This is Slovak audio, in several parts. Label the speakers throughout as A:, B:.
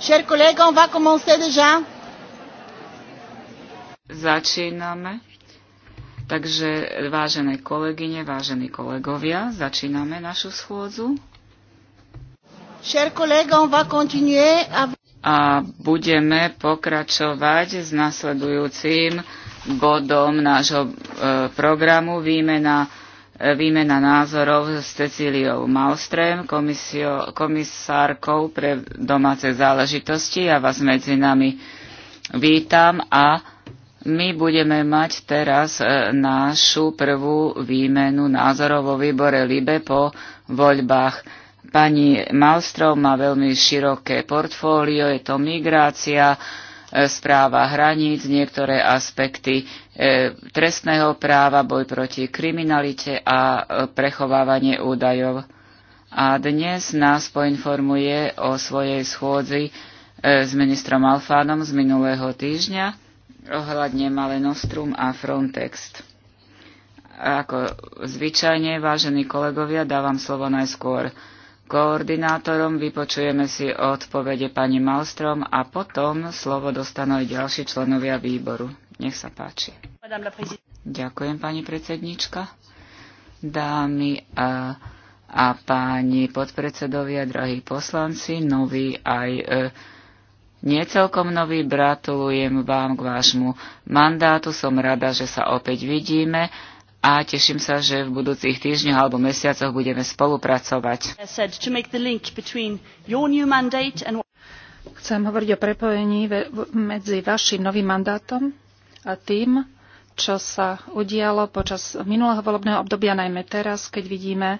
A: Chers collègues, on va commencer
B: déjà. Začíname. Takže, vážené kolegyne, vážení kolegovia, začíname našu schôdzu. Chers collègues, on va continuer avec a budeme pokračovať s nasledujúcim bodom nášho e, programu výmena, e, výmena názorov s Cecíliou Malstrem, komisio, komisárkou pre domáce záležitosti. Ja vás medzi nami vítam a my budeme mať teraz e, našu prvú výmenu názorov vo výbore LIBE po voľbách Pani Malstrov má veľmi široké portfólio, je to migrácia, e, správa hraníc, niektoré aspekty e, trestného práva, boj proti kriminalite a e, prechovávanie údajov. A dnes nás poinformuje o svojej schôdzi s ministrom Alfánom z minulého týždňa ohľadne Malé Nostrum a Frontex. Ako zvyčajne, vážení kolegovia, dávam slovo najskôr koordinátorom, vypočujeme si odpovede pani Malstrom a potom slovo dostanú aj ďalší členovia výboru. Nech sa páči. Ďakujem, pani predsednička. Dámy a, a páni podpredsedovia, drahí poslanci, noví aj e, niecelkom noví, gratulujem vám k vášmu mandátu. Som rada, že sa opäť vidíme a teším sa, že v budúcich týždňoch alebo mesiacoch budeme spolupracovať.
A: Chcem hovoriť o prepojení
C: medzi vašim novým mandátom a tým, čo sa udialo počas minulého volebného obdobia, najmä teraz, keď vidíme,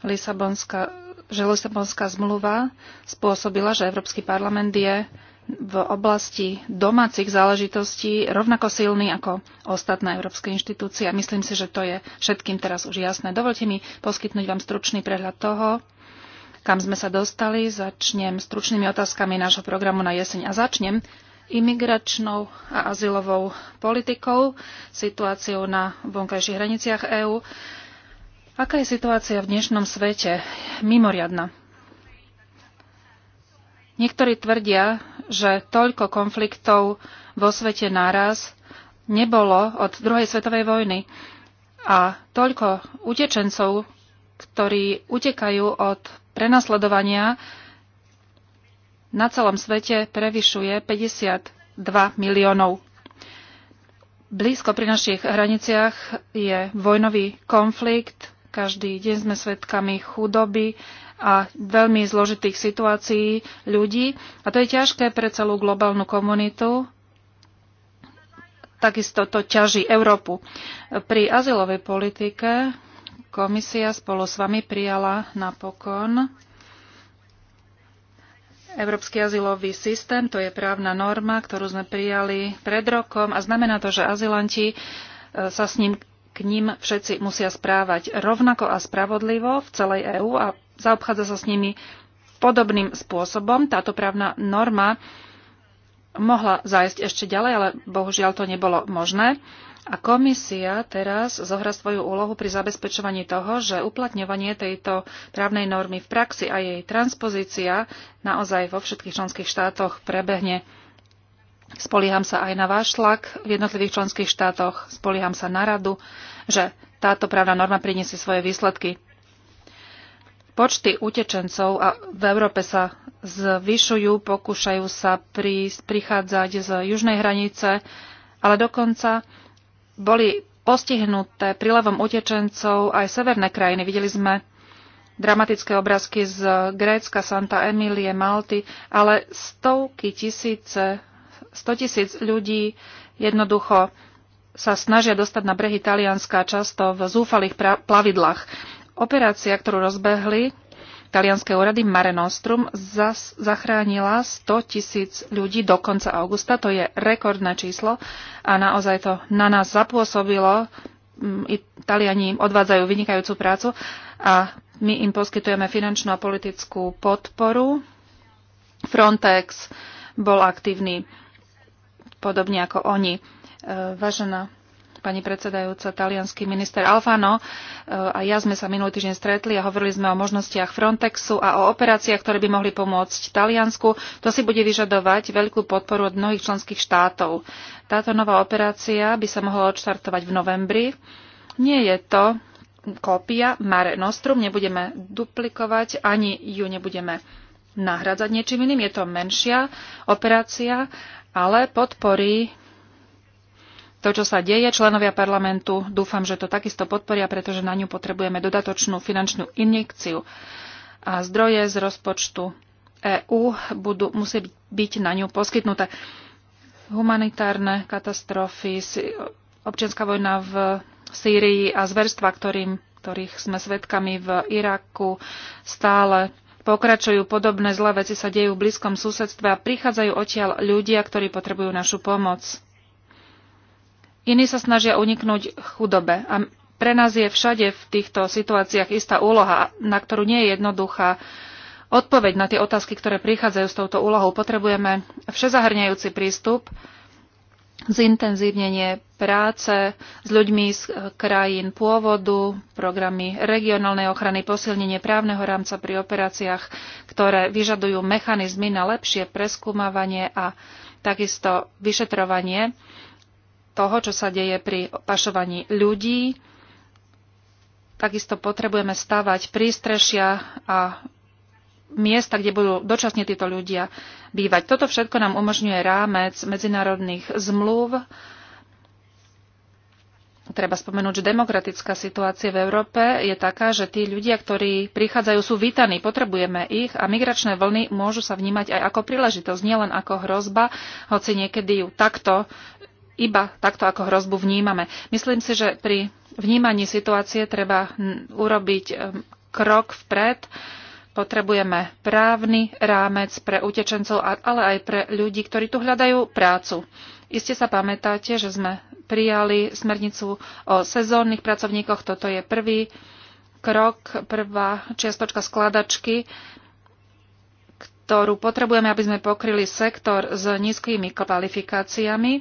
C: Lisabonská, že Lisabonská zmluva spôsobila, že Európsky parlament je v oblasti domácich záležitostí rovnako silný ako ostatné európske inštitúcie. A myslím si, že to je všetkým teraz už jasné. Dovolte mi poskytnúť vám stručný prehľad toho, kam sme sa dostali. Začnem stručnými otázkami nášho programu na jeseň a začnem imigračnou a azylovou politikou, situáciou na vonkajších hraniciach EÚ. Aká je situácia v dnešnom svete? Mimoriadna. Niektorí tvrdia, že toľko konfliktov vo svete naraz nebolo od druhej svetovej vojny a toľko utečencov, ktorí utekajú od prenasledovania, na celom svete prevyšuje 52 miliónov. Blízko pri našich hraniciach je vojnový konflikt, každý deň sme svedkami chudoby, a veľmi zložitých situácií ľudí. A to je ťažké pre celú globálnu komunitu. Takisto to ťaží Európu. Pri azylovej politike komisia spolu s vami prijala napokon Európsky azylový systém. To je právna norma, ktorú sme prijali pred rokom a znamená to, že azylanti e, sa s ním k ním všetci musia správať rovnako a spravodlivo v celej EÚ a zaobchádza sa s nimi podobným spôsobom. Táto právna norma mohla zájsť ešte ďalej, ale bohužiaľ to nebolo možné. A komisia teraz zohra svoju úlohu pri zabezpečovaní toho, že uplatňovanie tejto právnej normy v praxi a jej transpozícia naozaj vo všetkých členských štátoch prebehne. Spolieham sa aj na váš tlak v jednotlivých členských štátoch, spolieham sa na radu, že táto právna norma priniesie svoje výsledky. Počty utečencov a v Európe sa zvyšujú, pokúšajú sa pri, prichádzať z južnej hranice, ale dokonca boli postihnuté prílevom utečencov aj severné krajiny. Videli sme dramatické obrázky z Grécka, Santa Emilie, Malty, ale stovky tisíce, sto tisíc ľudí jednoducho sa snažia dostať na brehy Talianska často v zúfalých plavidlách. Operácia, ktorú rozbehli talianské úrady Mare Nostrum, zas, zachránila 100 tisíc ľudí do konca augusta. To je rekordné číslo a naozaj to na nás zapôsobilo. Mm, Italiani odvádzajú vynikajúcu prácu a my im poskytujeme finančnú a politickú podporu. Frontex bol aktívny podobne ako oni. E, vážená pani predsedajúca, talianský minister Alfano e, a ja sme sa minulý týždeň stretli a hovorili sme o možnostiach Frontexu a o operáciách, ktoré by mohli pomôcť Taliansku. To si bude vyžadovať veľkú podporu od mnohých členských štátov. Táto nová operácia by sa mohla odštartovať v novembri. Nie je to kópia Mare Nostrum, nebudeme duplikovať, ani ju nebudeme nahradzať niečím iným. Je to menšia operácia, ale podporí to, čo sa deje. Členovia parlamentu dúfam, že to takisto podporia, pretože na ňu potrebujeme dodatočnú finančnú injekciu. A zdroje z rozpočtu EÚ budú musieť byť na ňu poskytnuté. Humanitárne katastrofy, občianská vojna v Sýrii a zverstva, ktorým, ktorých sme svedkami v Iraku, stále pokračujú. Podobné zlé veci sa dejú v blízkom susedstve a prichádzajú odtiaľ ľudia, ktorí potrebujú našu pomoc. Iní sa snažia uniknúť chudobe. A pre nás je všade v týchto situáciách istá úloha, na ktorú nie je jednoduchá odpoveď na tie otázky, ktoré prichádzajú s touto úlohou. Potrebujeme všezahrňajúci prístup, zintenzívnenie práce s ľuďmi z krajín pôvodu, programy regionálnej ochrany, posilnenie právneho rámca pri operáciách, ktoré vyžadujú mechanizmy na lepšie preskúmavanie a takisto vyšetrovanie toho, čo sa deje pri pašovaní ľudí. Takisto potrebujeme stavať prístrešia a miesta, kde budú dočasne títo ľudia bývať. Toto všetko nám umožňuje rámec medzinárodných zmluv. Treba spomenúť, že demokratická situácia v Európe je taká, že tí ľudia, ktorí prichádzajú, sú vítaní, potrebujeme ich a migračné vlny môžu sa vnímať aj ako príležitosť, nielen ako hrozba, hoci niekedy ju takto iba takto ako hrozbu vnímame. Myslím si, že pri vnímaní situácie treba urobiť krok vpred. Potrebujeme právny rámec pre utečencov, ale aj pre ľudí, ktorí tu hľadajú prácu. Iste sa pamätáte, že sme prijali smernicu o sezónnych pracovníkoch. Toto je prvý krok, prvá čiastočka skladačky, ktorú potrebujeme, aby sme pokryli sektor s nízkymi kvalifikáciami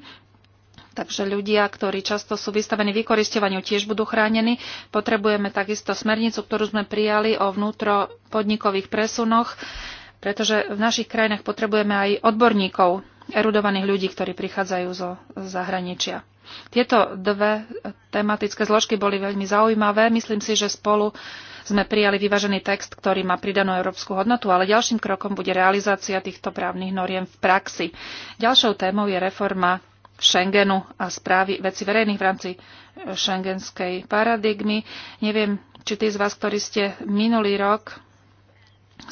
C: Takže ľudia, ktorí často sú vystavení vykoristovaniu, tiež budú chránení. Potrebujeme takisto smernicu, ktorú sme prijali o vnútropodnikových presunoch, pretože v našich krajinách potrebujeme aj odborníkov, erudovaných ľudí, ktorí prichádzajú zo zahraničia. Tieto dve tematické zložky boli veľmi zaujímavé. Myslím si, že spolu sme prijali vyvážený text, ktorý má pridanú európsku hodnotu, ale ďalším krokom bude realizácia týchto právnych noriem v praxi. Ďalšou témou je reforma Schengenu a správy veci verejných v rámci e, šengenskej paradigmy. Neviem, či tí z vás, ktorí ste minulý rok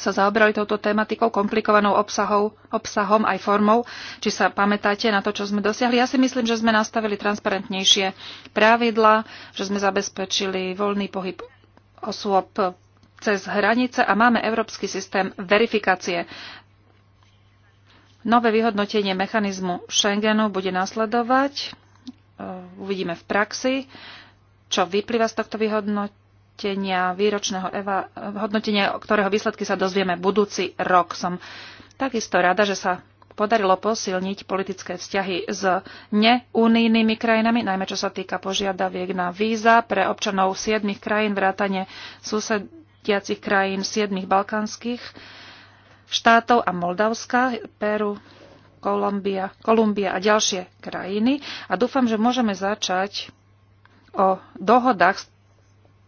C: sa zaoberali touto tematikou, komplikovanou obsahou, obsahom aj formou, či sa pamätáte na to, čo sme dosiahli. Ja si myslím, že sme nastavili transparentnejšie pravidla, že sme zabezpečili voľný pohyb osôb cez hranice a máme európsky systém verifikácie Nové vyhodnotenie mechanizmu Schengenu bude nasledovať. E, uvidíme v praxi, čo vyplýva z tohto vyhodnotenia výročného eva- hodnotenia, ktorého výsledky sa dozvieme budúci rok. Som takisto rada, že sa podarilo posilniť politické vzťahy s neunijnými krajinami, najmä čo sa týka požiadaviek na víza pre občanov siedmých krajín, vrátane susediacich krajín siedmých balkánskych štátov a Moldavska, Peru, Kolumbia, Kolumbia a ďalšie krajiny. A dúfam, že môžeme začať o dohodách s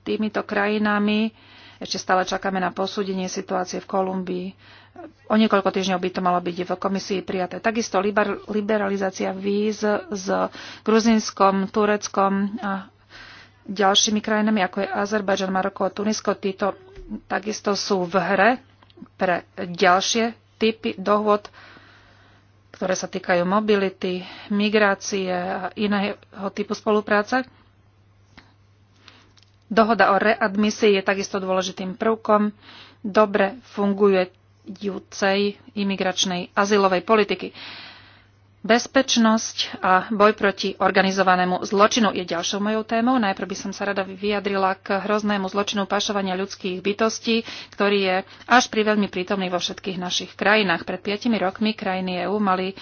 C: týmito krajinami. Ešte stále čakáme na posúdenie situácie v Kolumbii. O niekoľko týždňov by to malo byť v komisii prijaté. Takisto liberalizácia víz s Gruzinskom, Tureckom a ďalšími krajinami, ako je Azerbajdžan, Maroko a Tunisko. Títo takisto sú v hre pre ďalšie typy dohôd, ktoré sa týkajú mobility, migrácie a iného typu spolupráce. Dohoda o readmisii je takisto dôležitým prvkom dobre fungujúcej imigračnej azylovej politiky. Bezpečnosť a boj proti organizovanému zločinu je ďalšou mojou témou. Najprv by som sa rada vyjadrila k hroznému zločinu pašovania ľudských bytostí, ktorý je až pri veľmi prítomný vo všetkých našich krajinách. Pred piatimi rokmi krajiny EÚ mali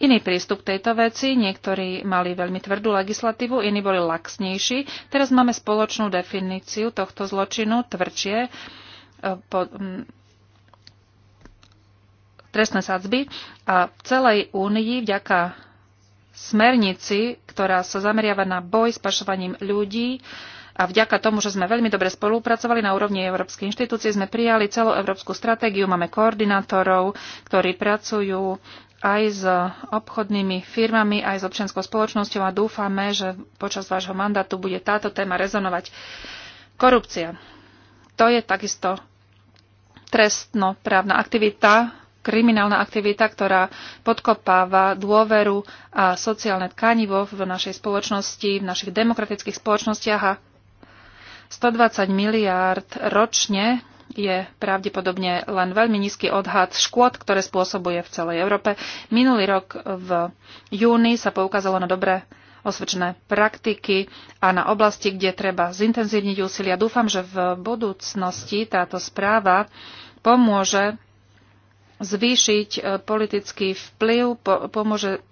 C: iný prístup k tejto veci. Niektorí mali veľmi tvrdú legislatívu, iní boli laxnejší. Teraz máme spoločnú definíciu tohto zločinu, tvrdšie eh, po, trestné sadzby a v celej únii vďaka smernici, ktorá sa zameriava na boj s pašovaním ľudí a vďaka tomu, že sme veľmi dobre spolupracovali na úrovni Európskej inštitúcie, sme prijali celú európsku stratégiu, máme koordinátorov, ktorí pracujú aj s obchodnými firmami, aj s občianskou spoločnosťou a dúfame, že počas vášho mandátu bude táto téma rezonovať. Korupcia. To je takisto trestnoprávna aktivita, kriminálna aktivita, ktorá podkopáva dôveru a sociálne tkanivo v našej spoločnosti, v našich demokratických spoločnostiach a 120 miliárd ročne je pravdepodobne len veľmi nízky odhad škôd, ktoré spôsobuje v celej Európe. Minulý rok v júni sa poukázalo na dobré osvedčené praktiky a na oblasti, kde treba zintenzívniť úsilia. Dúfam, že v budúcnosti táto správa pomôže zvýšiť e, politický vplyv, pomôže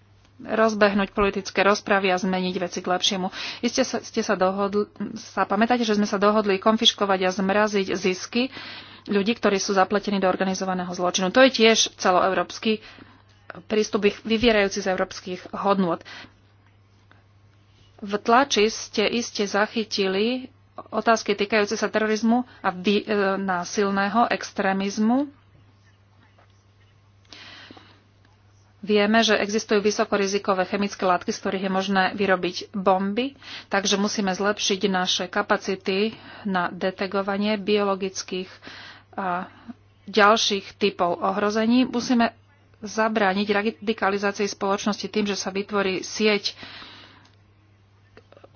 C: rozbehnúť politické rozpravy a zmeniť veci k lepšiemu. Iste sa, ste sa dohodli, sa pamätáte, že sme sa dohodli konfiškovať a zmraziť zisky ľudí, ktorí sú zapletení do organizovaného zločinu. To je tiež celoeurópsky prístup vyvierajúci z európskych hodnôt. V tlači ste iste zachytili otázky týkajúce sa terorizmu a vy, e, násilného extrémizmu Vieme, že existujú vysokorizikové chemické látky, z ktorých je možné vyrobiť bomby, takže musíme zlepšiť naše kapacity na detegovanie biologických a ďalších typov ohrození. Musíme zabrániť radikalizácii spoločnosti tým, že sa vytvorí sieť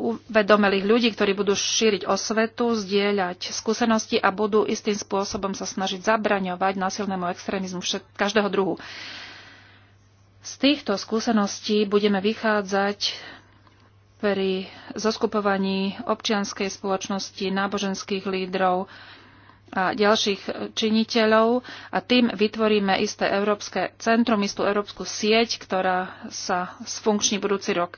C: uvedomelých ľudí, ktorí budú šíriť osvetu, zdieľať skúsenosti a budú istým spôsobom sa snažiť zabraňovať násilnému extrémizmu všet, každého druhu. Z týchto skúseností budeme vychádzať pri zoskupovaní občianskej spoločnosti, náboženských lídrov a ďalších činiteľov a tým vytvoríme isté európske centrum, istú európsku sieť, ktorá sa sfunkční budúci rok.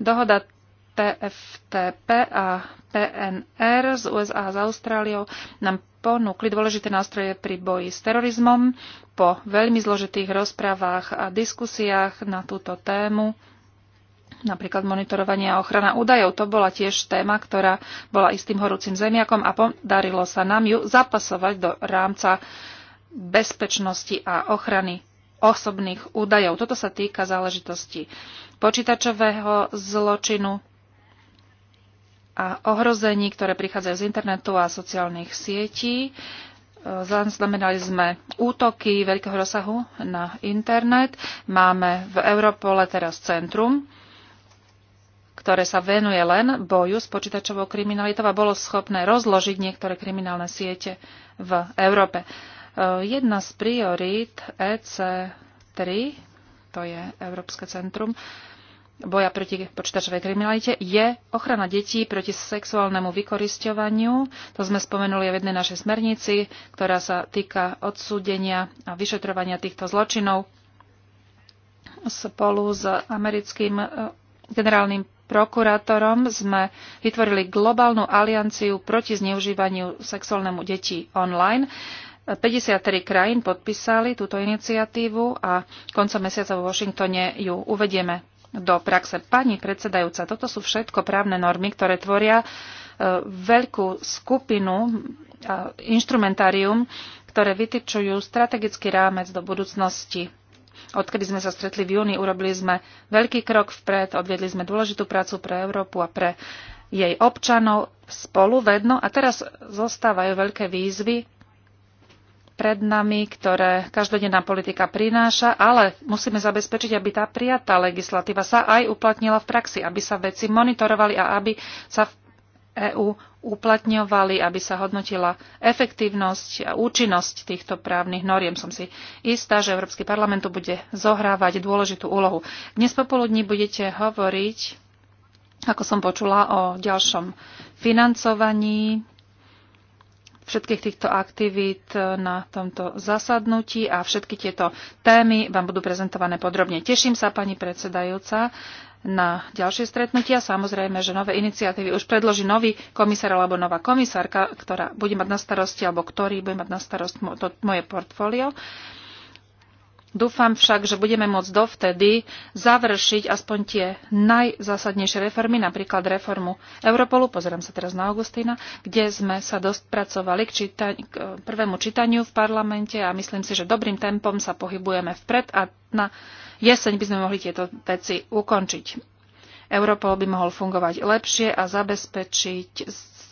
C: Dohoda TFTP a PNR z USA a z Austráliou nám ponúkli dôležité nástroje pri boji s terorizmom. Po veľmi zložitých rozprávach a diskusiách na túto tému, napríklad monitorovanie a ochrana údajov, to bola tiež téma, ktorá bola istým horúcim zemiakom a podarilo sa nám ju zapasovať do rámca bezpečnosti a ochrany osobných údajov. Toto sa týka záležitosti počítačového zločinu, a ohrození, ktoré prichádzajú z internetu a sociálnych sietí. Zaznamenali sme útoky veľkého rozsahu na internet. Máme v Europole teraz centrum, ktoré sa venuje len boju s počítačovou kriminalitou a bolo schopné rozložiť niektoré kriminálne siete v Európe. E, jedna z priorít EC3, to je Európske centrum, boja proti počítačovej kriminalite je ochrana detí proti sexuálnemu vykorisťovaniu. To sme spomenuli aj v jednej našej smernici, ktorá sa týka odsúdenia a vyšetrovania týchto zločinov spolu s americkým e, generálnym prokurátorom sme vytvorili globálnu alianciu proti zneužívaniu sexuálnemu detí online. 53 krajín podpísali túto iniciatívu a koncom mesiaca vo Washingtone ju uvedieme do praxe. Pani predsedajúca, toto sú všetko právne normy, ktoré tvoria e, veľkú skupinu a e, inštrumentárium, ktoré vytyčujú strategický rámec do budúcnosti. Odkedy sme sa stretli v júni, urobili sme veľký krok vpred, odviedli sme dôležitú prácu pre Európu a pre jej občanov spolu vedno a teraz zostávajú veľké výzvy pred nami, ktoré každodenná politika prináša, ale musíme zabezpečiť, aby tá prijatá legislatíva sa aj uplatnila v praxi, aby sa veci monitorovali a aby sa v EÚ uplatňovali, aby sa hodnotila efektívnosť a účinnosť týchto právnych noriem. Som si istá, že Európsky parlament tu bude zohrávať dôležitú úlohu. Dnes popoludní budete hovoriť, ako som počula, o ďalšom financovaní všetkých týchto aktivít na tomto zasadnutí a všetky tieto témy vám budú prezentované podrobne. Teším sa, pani predsedajúca, na ďalšie stretnutia. Samozrejme, že nové iniciatívy už predloží nový komisár alebo nová komisárka, ktorá bude mať na starosti, alebo ktorý bude mať na starosti to moje portfólio. Dúfam však, že budeme môcť dovtedy završiť aspoň tie najzásadnejšie reformy, napríklad reformu Europolu, pozerám sa teraz na Augustína, kde sme sa dostpracovali k, číta- k e, prvému čítaniu v parlamente a myslím si, že dobrým tempom sa pohybujeme vpred a na jeseň by sme mohli tieto veci ukončiť. Europol by mohol fungovať lepšie a zabezpečiť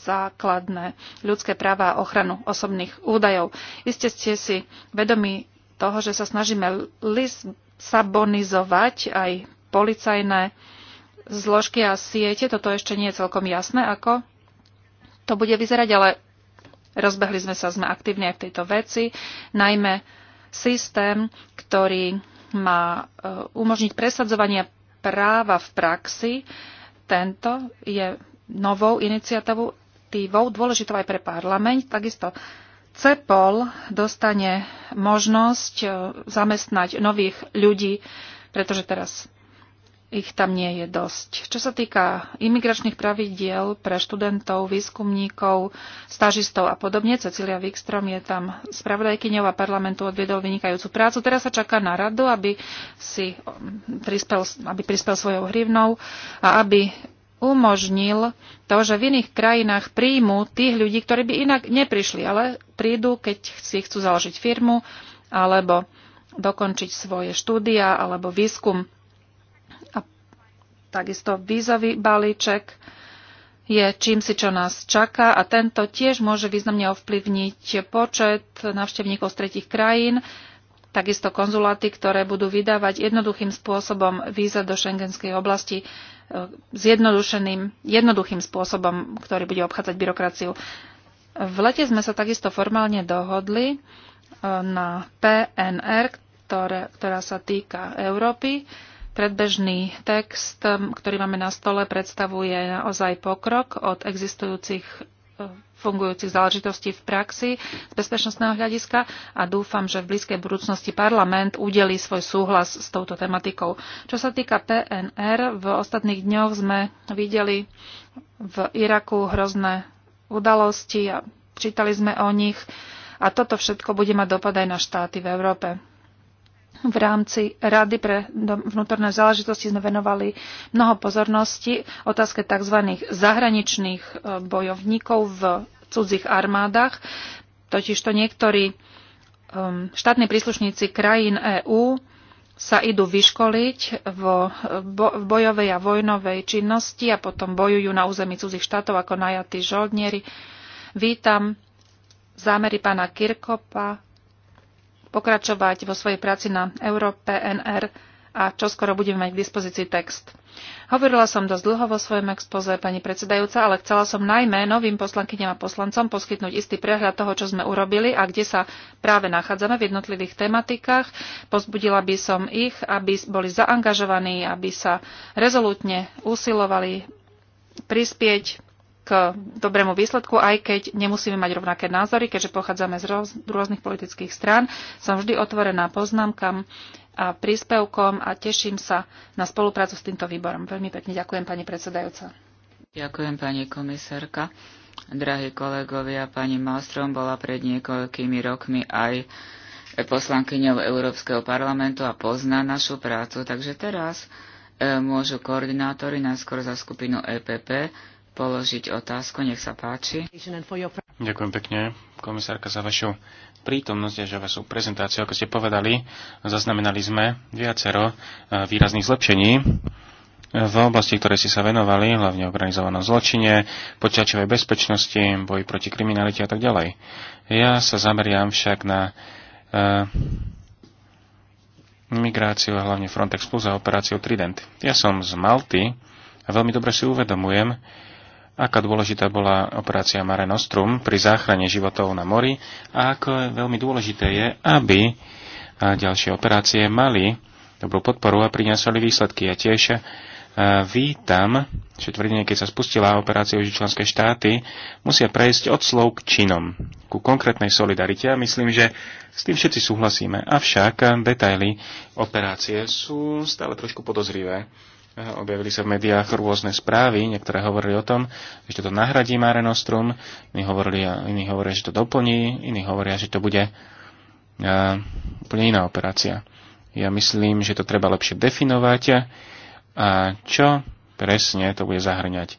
C: základné ľudské práva a ochranu osobných údajov. Iste ste si vedomi toho, že sa snažíme lisabonizovať aj policajné zložky a siete. Toto ešte nie je celkom jasné, ako to bude vyzerať, ale rozbehli sme sa, sme aktívne aj v tejto veci, najmä systém, ktorý má e, umožniť presadzovanie práva v praxi. Tento je novou iniciatívou, dôležitou aj pre parlament, takisto CEPOL dostane možnosť e, zamestnať nových ľudí, pretože teraz ich tam nie je dosť. Čo sa týka imigračných pravidiel pre študentov, výskumníkov, stažistov a podobne, Cecilia Wikstrom je tam spravodajkyňou a parlamentu odviedol vynikajúcu prácu. Teraz sa čaká na radu, aby, si um, prispel, aby prispel svojou hrivnou a aby umožnil to, že v iných krajinách príjmu tých ľudí, ktorí by inak neprišli, ale prídu, keď si chcú založiť firmu alebo dokončiť svoje štúdia alebo výskum. A takisto vízový balíček je čím si, čo nás čaká a tento tiež môže významne ovplyvniť počet návštevníkov z tretich krajín, takisto konzuláty, ktoré budú vydávať jednoduchým spôsobom víza do šengenskej oblasti zjednodušeným, jednoduchým spôsobom, ktorý bude obchádzať byrokraciu. V lete sme sa takisto formálne dohodli e, na PNR, ktoré, ktorá sa týka Európy. Predbežný text, ktorý máme na stole, predstavuje naozaj pokrok od existujúcich fungujúcich záležitostí v praxi z bezpečnostného hľadiska a dúfam, že v blízkej budúcnosti parlament udelí svoj súhlas s touto tematikou. Čo sa týka PNR, v ostatných dňoch sme videli v Iraku hrozné udalosti a čítali sme o nich a toto všetko bude mať dopad aj na štáty v Európe. V rámci Rady pre vnútorné záležitosti sme venovali mnoho pozornosti otázke tzv. zahraničných e, bojovníkov v cudzích armádach. Totižto niektorí um, štátni príslušníci krajín EÚ sa idú vyškoliť vo, v bojovej a vojnovej činnosti a potom bojujú na území cudzích štátov ako najatí žoldnieri. Vítam zámery pána Kirkopa pokračovať vo svojej práci na Európe NR a čo skoro budeme mať k dispozícii text. Hovorila som dosť dlho vo svojom expoze, pani predsedajúca, ale chcela som najmä novým poslankyňam a poslancom poskytnúť istý prehľad toho, čo sme urobili a kde sa práve nachádzame v jednotlivých tematikách. Pozbudila by som ich, aby boli zaangažovaní, aby sa rezolútne usilovali prispieť k dobrému výsledku, aj keď nemusíme mať rovnaké názory, keďže pochádzame z rôznych politických strán. Som vždy otvorená poznámkam a príspevkom a teším sa na spoluprácu s týmto výborom. Veľmi pekne ďakujem, pani predsedajúca.
B: Ďakujem, pani komisárka. Drahí kolegovia, pani Malstrom bola pred niekoľkými rokmi aj poslankyňou Európskeho parlamentu a pozná našu prácu, takže teraz e, môžu koordinátori najskôr za skupinu EPP položiť otázku. Nech sa páči.
D: Ďakujem pekne, komisárka, za vašu prítomnosť a za vašu prezentáciu. Ako ste povedali, zaznamenali sme viacero e, výrazných zlepšení v oblasti, ktoré ste sa venovali, hlavne organizovanom zločine, počačovej bezpečnosti, boji proti kriminalite a tak ďalej. Ja sa zameriam však na uh, migráciu a hlavne Frontex Plus a operáciu Trident. Ja som z Malty a veľmi dobre si uvedomujem, aká dôležitá bola operácia Mare Nostrum pri záchrane životov na mori a ako veľmi dôležité je, aby ďalšie operácie mali dobrú podporu a priniesli výsledky. Ja tiež e, vítam, že tvrdenie, keď sa spustila operácia už členské štáty, musia prejsť od slov k činom, ku konkrétnej solidarite a myslím, že s tým všetci súhlasíme. Avšak e, detaily operácie sú stále trošku podozrivé objavili sa v médiách rôzne správy, niektoré hovorili o tom, že to nahradí Mare Nostrum, iní, hovorili, iní hovoria, že to doplní, iní hovoria, že to bude úplne iná operácia. Ja myslím, že to treba lepšie definovať a čo presne to bude zahrňať.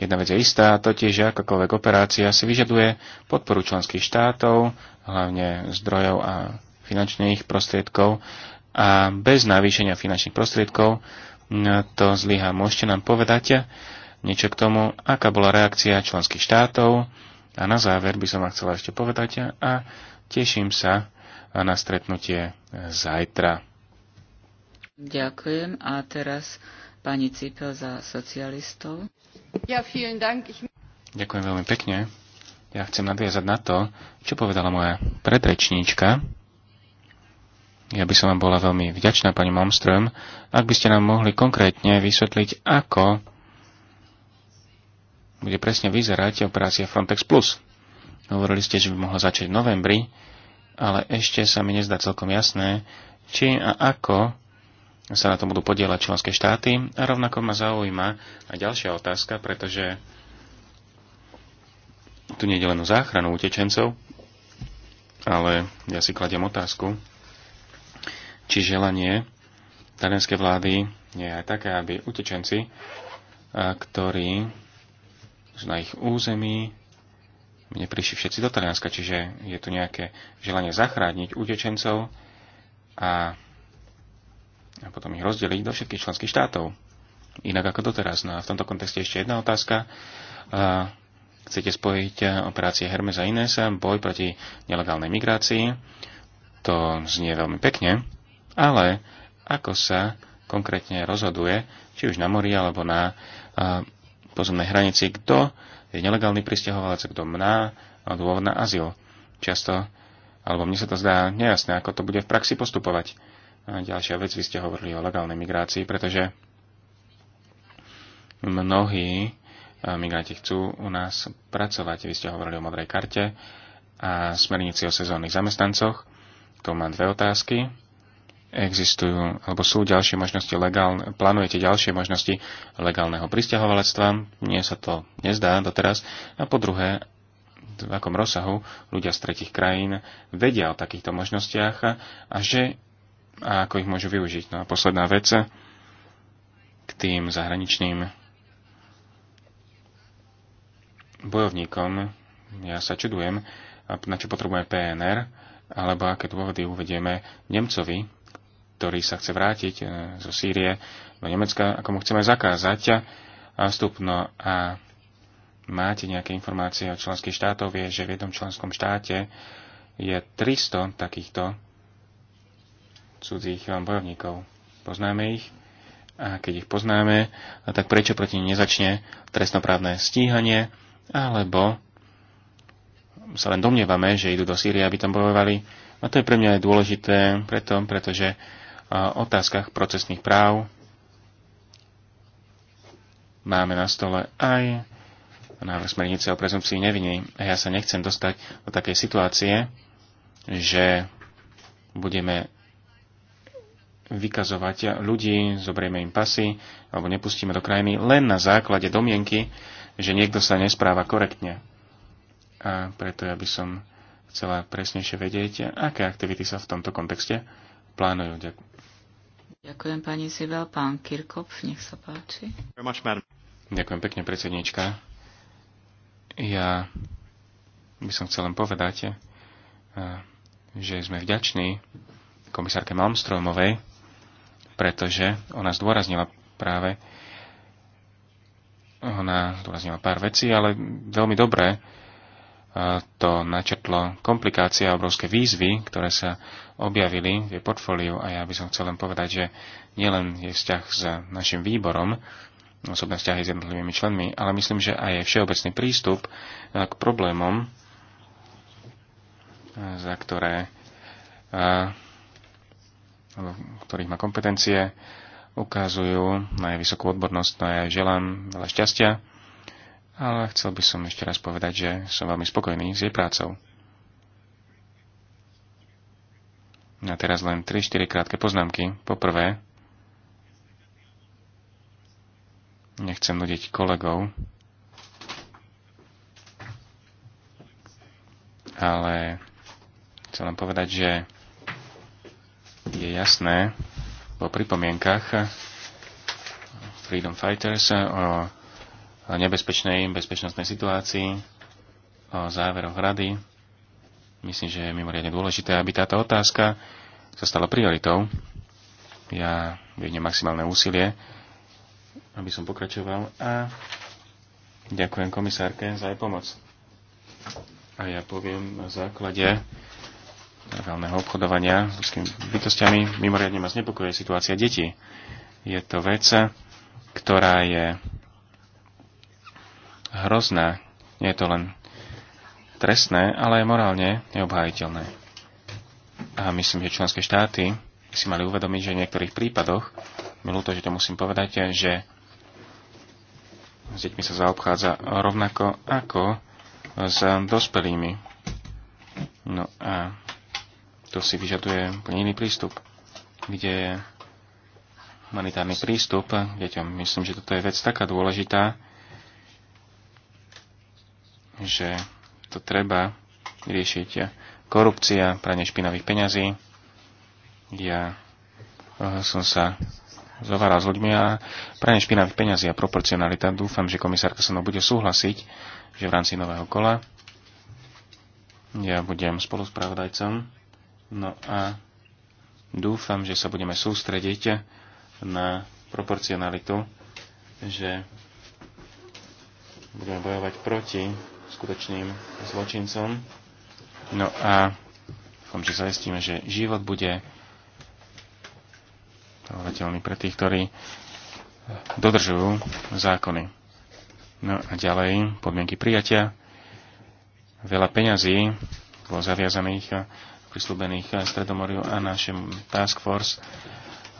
D: Jedna vec je istá, totiž, akákoľvek operácia si vyžaduje podporu členských štátov, hlavne zdrojov a finančných prostriedkov a bez navýšenia finančných prostriedkov to zlyha. Môžete nám povedať niečo k tomu, aká bola reakcia členských štátov a na záver by som vám chcela ešte povedať a teším sa na stretnutie zajtra.
B: Ďakujem a teraz pani Cipel za socialistov. Ja, Dank. Ich...
D: Ďakujem veľmi pekne. Ja chcem nadviazať na to, čo povedala moja predrečníčka. Ja by som vám bola veľmi vďačná, pani Malmström, ak by ste nám mohli konkrétne vysvetliť, ako bude presne vyzerať operácia Frontex Plus. Hovorili ste, že by mohla začať v novembri, ale ešte sa mi nezdá celkom jasné, či a ako sa na tom budú podielať členské štáty. A rovnako ma zaujíma aj ďalšia otázka, pretože tu nie je len o záchranu utečencov, ale ja si kladiem otázku, či želanie talianskej vlády je aj také, aby utečenci, ktorí sú na ich území, neprišli všetci do Talianska, čiže je tu nejaké želanie zachrániť utečencov a, a potom ich rozdeliť do všetkých členských štátov. Inak ako doteraz. No a v tomto kontexte ešte jedna otázka. A, chcete spojiť operácie Hermes a Inés, boj proti nelegálnej migrácii. To znie veľmi pekne, ale ako sa konkrétne rozhoduje, či už na mori alebo na pozemnej hranici, kto je nelegálny pristahovalec, kto mná dôvod na azyl. Často, alebo mne sa to zdá nejasné, ako to bude v praxi postupovať. A ďalšia vec, vy ste hovorili o legálnej migrácii, pretože mnohí migranti chcú u nás pracovať. Vy ste hovorili o modrej karte a smernici o sezónnych zamestnancoch. Tu mám dve otázky existujú, alebo sú ďalšie možnosti legálne, plánujete ďalšie možnosti legálneho pristahovalectva, mne sa to nezdá doteraz, a po druhé, v akom rozsahu ľudia z tretich krajín vedia o takýchto možnostiach a, a že a ako ich môžu využiť. No a posledná vec k tým zahraničným bojovníkom. Ja sa čudujem, na čo potrebujeme PNR, alebo aké dôvody uvedieme Nemcovi, ktorý sa chce vrátiť e, zo Sýrie do Nemecka, ako mu chceme zakázať vstup. No a máte nejaké informácie o členských štátov, vie, že v jednom členskom štáte je 300 takýchto cudzích e, bojovníkov. Poznáme ich a keď ich poznáme, tak prečo proti nim nezačne trestnoprávne stíhanie, alebo sa len domnievame, že idú do Sýrie, aby tam bojovali. A to je pre mňa aj dôležité preto, pretože otázkach procesných práv máme na stole aj návrh smernice o prezumpcii neviny. A ja sa nechcem dostať do takej situácie, že budeme vykazovať ľudí, zobrieme im pasy alebo nepustíme do krajiny len na základe domienky, že niekto sa nespráva korektne. A preto ja by som chcela presnejšie vedieť, aké aktivity sa v tomto kontexte plánujú. Ďakujem.
B: Ďakujem pani Zivel. Pán Kirkov, nech sa páči.
D: Ďakujem pekne, predsednička. Ja by som chcel len povedať, eh, že sme vďační komisárke Malmstromovej, pretože ona zdôraznila práve ona zdôraznila pár vecí, ale veľmi dobré to načetlo komplikácie a obrovské výzvy, ktoré sa objavili v jej portfóliu a ja by som chcel len povedať, že nielen je vzťah s našim výborom, osobné vzťahy s jednotlivými členmi, ale myslím, že aj všeobecný prístup e, k problémom, e, za ktoré e, ktorých má kompetencie, ukazujú na jej vysokú odbornosť. No ja želám veľa šťastia ale chcel by som ešte raz povedať, že som veľmi spokojný s jej prácou. A teraz len 3-4 krátke poznámky. Poprvé, nechcem nudiť kolegov, ale chcem len povedať, že je jasné po pripomienkach Freedom Fighters o nebezpečnej bezpečnostnej situácii, o záveroch rady. Myslím, že je mimoriadne dôležité, aby táto otázka sa stala prioritou. Ja vidím maximálne úsilie, aby som pokračoval a ďakujem komisárke za jej pomoc. A ja poviem na základe legálneho obchodovania s ľudskými bytostiami mimoriadne ma znepokojuje situácia detí. Je to vec, ktorá je hrozná. Nie je to len trestné, ale aj morálne neobhajiteľné. A myslím, že členské štáty si mali uvedomiť, že v niektorých prípadoch, milú to, že to musím povedať, že s deťmi sa zaobchádza rovnako ako s dospelými. No a to si vyžaduje úplne iný prístup, kde je humanitárny prístup k deťom. Myslím, že toto je vec taká dôležitá, že to treba riešiť. Korupcia, pranie špinavých peňazí. Ja eh, som sa zováral s ľuďmi a pranie špinavých peňazí a proporcionalita. Dúfam, že komisárka sa mnou bude súhlasiť, že v rámci nového kola ja budem spoluspravodajcom. No a dúfam, že sa budeme sústrediť na proporcionalitu, že budeme bojovať proti skutočným zločincom. No a dúfam, že zaistíme, že život bude toleteľný pre tých, ktorí dodržujú zákony. No a ďalej podmienky prijatia. Veľa peňazí bolo zaviazaných a prislúbených Stredomoriu a našem Task Force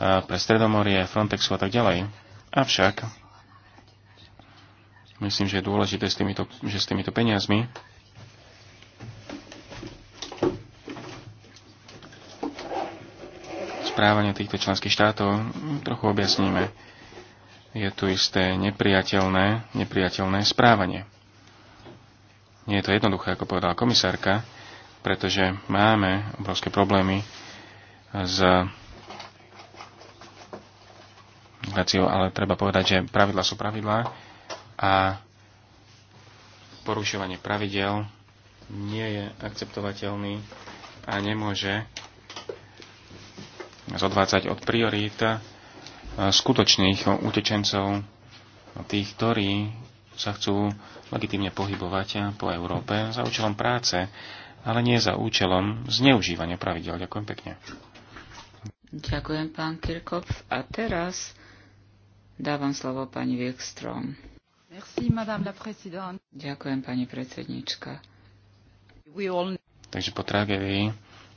D: pre Stredomorie, Frontexu a tak ďalej. Avšak Myslím, že je dôležité, s týmito, že s týmito peniazmi správanie týchto členských štátov trochu objasníme. Je tu isté nepriateľné, nepriateľné správanie. Nie je to jednoduché, ako povedala komisárka, pretože máme obrovské problémy s ale treba povedať, že pravidla sú pravidlá a porušovanie pravidel nie je akceptovateľný a nemôže zodvádzať od priorít eh, skutočných utečencov, tých, ktorí sa chcú legitimne pohybovať eh, po Európe za účelom práce, ale nie za účelom zneužívania pravidel. Ďakujem pekne.
B: Ďakujem, pán Kirkov. A teraz dávam slovo pani Wiekstrom. Ďakujem, pani predsednička.
D: Takže po tragédii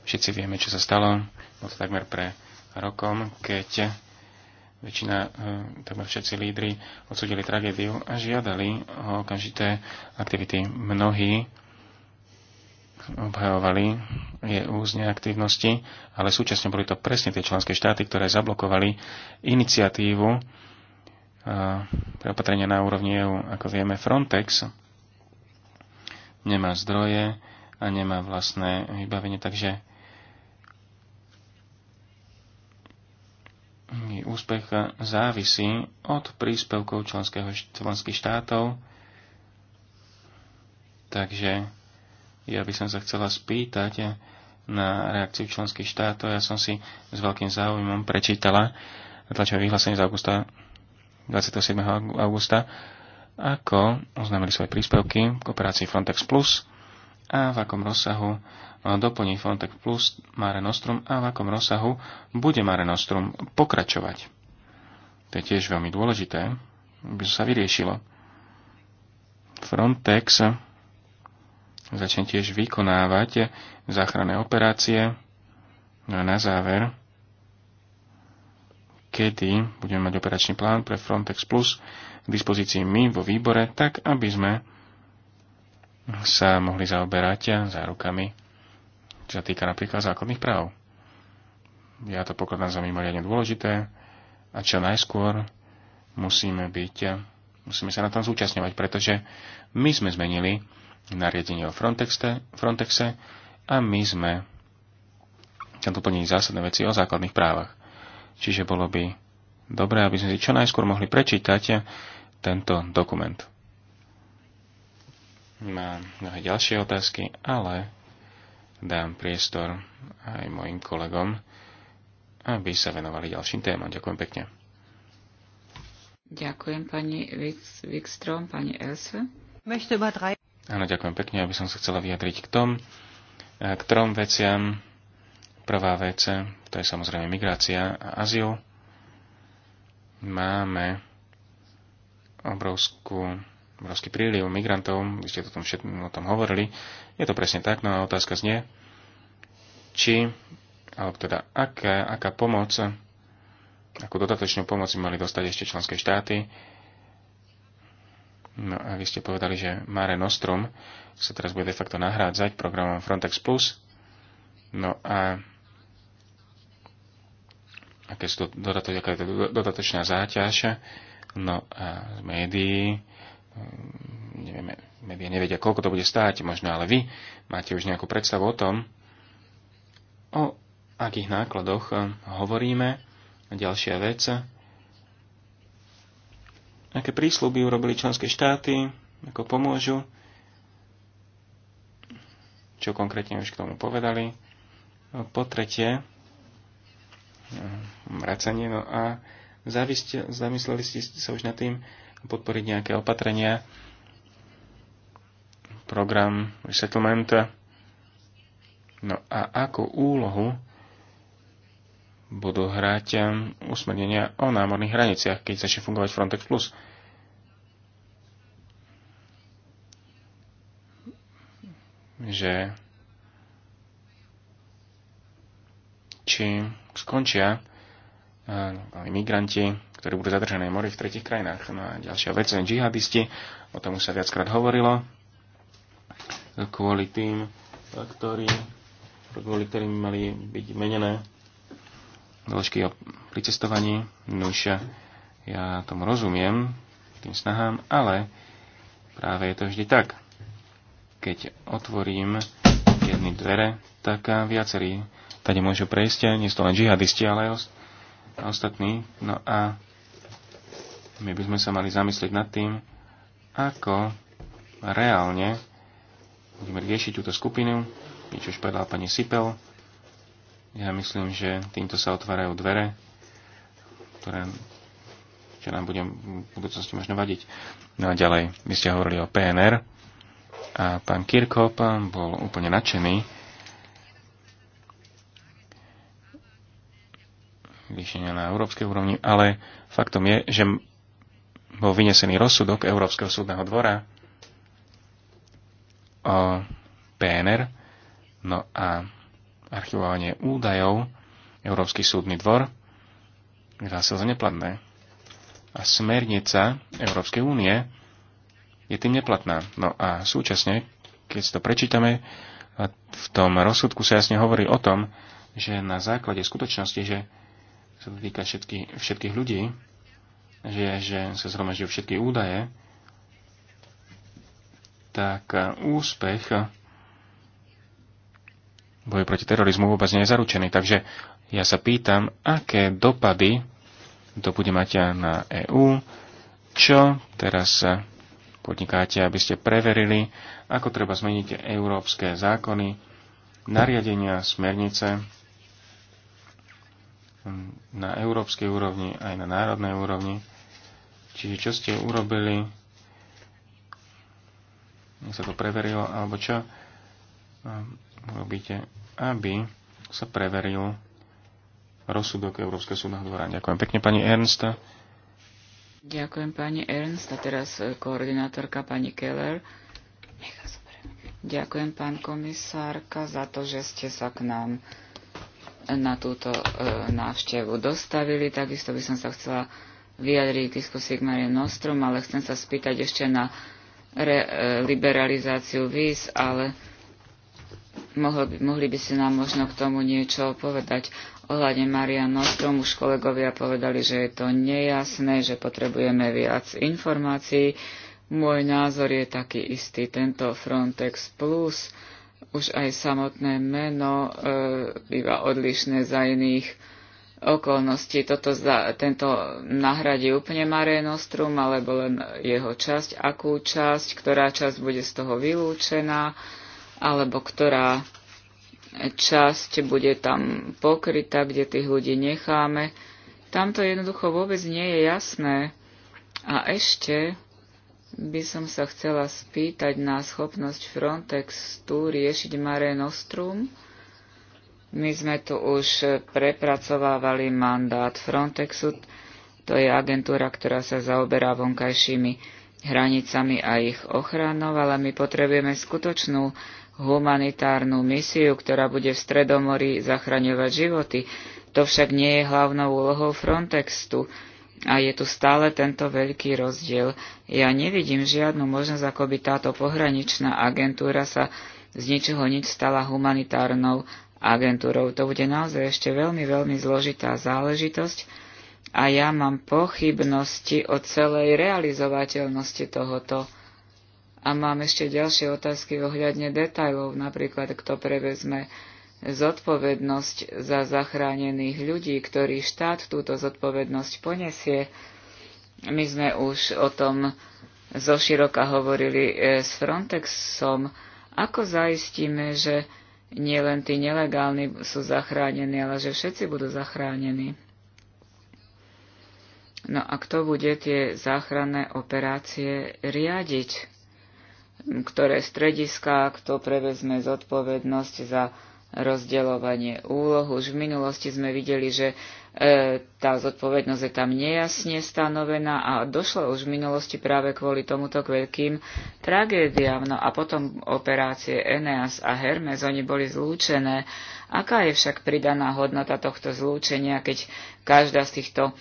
D: všetci vieme, čo sa stalo. Bolo to takmer pre rokom, keď väčšina, eh, takmer všetci lídry odsudili tragédiu a žiadali o okamžité aktivity. Mnohí obhajovali EU z neaktivnosti, ale súčasne boli to presne tie členské štáty, ktoré zablokovali iniciatívu pre opatrenia na úrovni EU. Ako vieme, Frontex nemá zdroje a nemá vlastné vybavenie, takže úspech závisí od príspevkov členských štátov. Takže ja by som sa chcela spýtať na reakciu členských štátov. Ja som si s veľkým záujmom prečítala tlačové vyhlásenie z augusta 27. augusta, ako oznámili svoje príspevky k operácii Frontex Plus a v akom rozsahu doplní Frontex Plus Mare Nostrum a v akom rozsahu bude Mare Nostrum pokračovať. To je tiež veľmi dôležité, aby sa vyriešilo. Frontex začne tiež vykonávať záchranné operácie. No a na záver kedy budeme mať operačný plán pre Frontex Plus k dispozícii my vo výbore, tak aby sme sa mohli zaoberať za rukami, čo sa týka napríklad základných práv. Ja to pokladám za mimoriadne dôležité a čo najskôr musíme byť, musíme sa na tom zúčastňovať, pretože my sme zmenili nariadenie o Frontexe, Frontexe a my sme tam doplnili zásadné veci o základných právach. Čiže bolo by dobré, aby sme si čo najskôr mohli prečítať tento dokument. Mám mnohé ďalšie otázky, ale dám priestor aj mojim kolegom, aby sa venovali ďalším témam. Ďakujem pekne.
B: Ďakujem pani Wikström, pani Else.
D: Áno, ďakujem pekne, aby som sa chcela vyjadriť k tom, k veciam, Prvá vec, to je samozrejme migrácia a azyl. Máme obrovskú, obrovský príliv migrantov, vy ste o tom, všetko, o tom hovorili, je to presne tak, no a otázka znie, či, alebo teda aká, aká pomoc, akú dodatočnú pomoc by mali dostať ešte členské štáty. No a vy ste povedali, že Mare Nostrum sa teraz bude de facto nahrádzať programom Frontex Plus. No a aké sú dodatočná záťaž. No a z médií, mm, nevieme, médiá nevedia, koľko to bude stáť, možno ale vy máte už nejakú predstavu o tom, o akých nákladoch e, hovoríme. Ďalšia vec, aké prísľuby urobili členské štáty, ako pomôžu, čo konkrétne už k tomu povedali. No, po tretie, vracanie. No a zamysleli ste sa už nad tým podporiť nejaké opatrenia, program resettlement. No a ako úlohu budú hrať um, usmernenia o námorných hraniciach, keď začne fungovať Frontex+. Plus. Že či skončia e, migranti, ktorí budú v mori v tretich krajinách. No a ďalšia vec, džihadisti, o tom už sa viackrát hovorilo, kvôli tým, e, ktorí, kvôli ktorým mali byť menené dĺžky o pricestovaní. No už ja tomu rozumiem, tým snahám, ale práve je to vždy tak. Keď otvorím jedny dvere, tak viacerí Tady môžu prejsť, nie sú to len džihadisti, ale aj ost- ostatní. No a my by sme sa mali zamyslieť nad tým, ako reálne budeme riešiť túto skupinu. Niečo už povedala pani Sipel. Ja myslím, že týmto sa otvárajú dvere, ktoré čo nám budem v budúcnosti možno vadiť. No a ďalej, vy ste hovorili o PNR a pán Kirkop bol úplne nadšený vyšenia na európskej úrovni, ale faktom je, že bol vynesený rozsudok Európskeho súdneho dvora o PNR, no a archivovanie údajov Európsky súdny dvor vyhlásil za neplatné. A smernica Európskej únie je tým neplatná. No a súčasne, keď si to prečítame, v tom rozsudku sa jasne hovorí o tom, že na základe skutočnosti, že sa to týka všetky, všetkých ľudí, že, že sa zhromažujú všetky údaje, tak e, úspech e, boju proti terorizmu vôbec nie je zaručený. Takže ja sa pýtam, aké dopady to bude mať na EÚ, čo teraz e, podnikáte, aby ste preverili, ako treba zmeniť európske zákony, nariadenia, smernice, na európskej úrovni, aj na národnej úrovni. Čiže čo ste urobili, sa to preverilo, alebo čo robíte, aby sa preveril rozsudok Európskeho súdneho dvora. Ďakujem pekne, pani Ernsta.
B: Ďakujem, pani Ernst. teraz e, koordinátorka, pani Keller. Ďakujem, pán komisárka, za to, že ste sa k nám na túto e, návštevu dostavili. Takisto by som sa chcela vyjadriť diskusii k Marie Nostrum, ale chcem sa spýtať ešte na re, e, liberalizáciu víz, ale mohli, mohli by ste nám možno k tomu niečo povedať. Ohľadne Maria Nostrum už kolegovia povedali, že je to nejasné, že potrebujeme viac informácií. Môj názor je taký istý. Tento Frontex Plus už aj samotné meno e, býva odlišné za iných okolností. Toto za, tento nahradí úplne Mare Nostrum, alebo len jeho časť, akú časť, ktorá časť bude z toho vylúčená, alebo ktorá časť bude tam pokrytá, kde tých ľudí necháme. Tamto jednoducho vôbec nie je jasné. A ešte by som sa chcela spýtať na schopnosť tu riešiť Mare Nostrum. My sme tu už prepracovávali mandát Frontexu, to je agentúra, ktorá sa zaoberá vonkajšími hranicami a ich ochranou, ale my potrebujeme skutočnú humanitárnu misiu, ktorá bude v Stredomori zachraňovať životy. To však nie je hlavnou úlohou Frontextu. A je tu stále tento veľký rozdiel. Ja nevidím žiadnu možnosť, ako by táto pohraničná agentúra sa z ničoho nič stala humanitárnou agentúrou. To bude naozaj ešte veľmi, veľmi zložitá záležitosť a ja mám pochybnosti o celej realizovateľnosti tohoto. A mám ešte ďalšie otázky ohľadne detajlov, napríklad kto prevezme zodpovednosť za zachránených ľudí, ktorý štát túto zodpovednosť ponesie. My sme už o tom zoširoka hovorili e, s Frontexom. Ako zaistíme, že nielen tí nelegálni sú zachránení, ale že všetci budú zachránení? No a kto bude tie záchranné operácie riadiť? Ktoré strediská, kto prevezme zodpovednosť za rozdeľovanie úloh. Už v minulosti sme videli, že e, tá zodpovednosť je tam nejasne stanovená a došlo už v minulosti práve kvôli tomuto k veľkým tragédiám. No a potom operácie Eneas a Hermes, oni boli zlúčené. Aká je však pridaná hodnota tohto zlúčenia, keď každá z týchto e,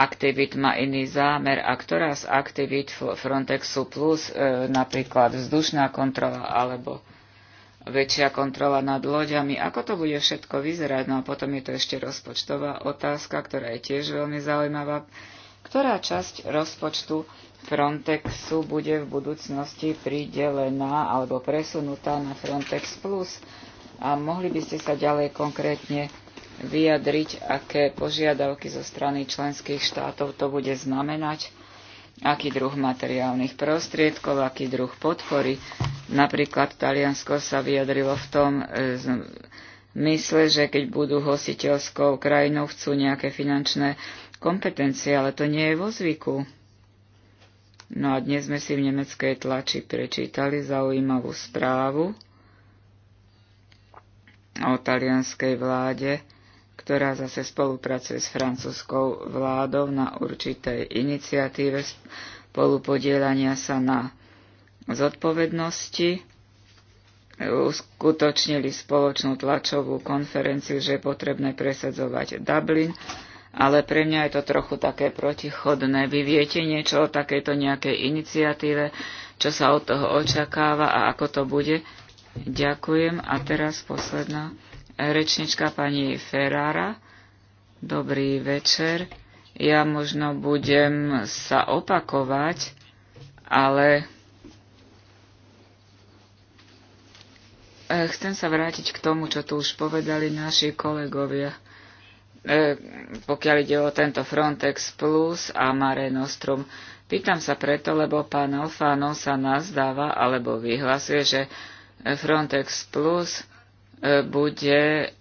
B: aktivít má iný zámer a ktorá z aktivít Frontexu plus, e, napríklad vzdušná kontrola alebo väčšia kontrola nad loďami. Ako to bude všetko vyzerať? No a potom je to ešte rozpočtová otázka, ktorá je tiež veľmi zaujímavá. Ktorá časť rozpočtu Frontexu bude v budúcnosti pridelená alebo presunutá na Frontex Plus? A mohli by ste sa ďalej konkrétne vyjadriť, aké požiadavky zo strany členských štátov to bude znamenať? aký druh materiálnych prostriedkov, aký druh podpory. Napríklad Taliansko sa vyjadrilo v tom e, mysle, že keď budú hostiteľskou krajinou, chcú nejaké finančné kompetencie, ale to nie je vo zvyku. No a dnes sme si v nemeckej tlači prečítali zaujímavú správu o talianskej vláde, ktorá zase spolupracuje s francúzskou vládou na určitej iniciatíve spolupodielania sa na zodpovednosti. Uskutočnili spoločnú tlačovú konferenciu, že je potrebné presadzovať Dublin, ale pre mňa je to trochu také protichodné. Vy viete niečo o takejto nejakej iniciatíve, čo sa od toho očakáva a ako to bude? Ďakujem. A teraz posledná rečnička pani Ferrara. Dobrý večer. Ja možno budem sa opakovať, ale e, chcem sa vrátiť k tomu, čo tu už povedali naši kolegovia. E, pokiaľ ide o tento Frontex Plus a Mare Nostrum, pýtam sa preto, lebo pán Alfano sa nazdáva alebo vyhlasuje, že Frontex Plus E, bude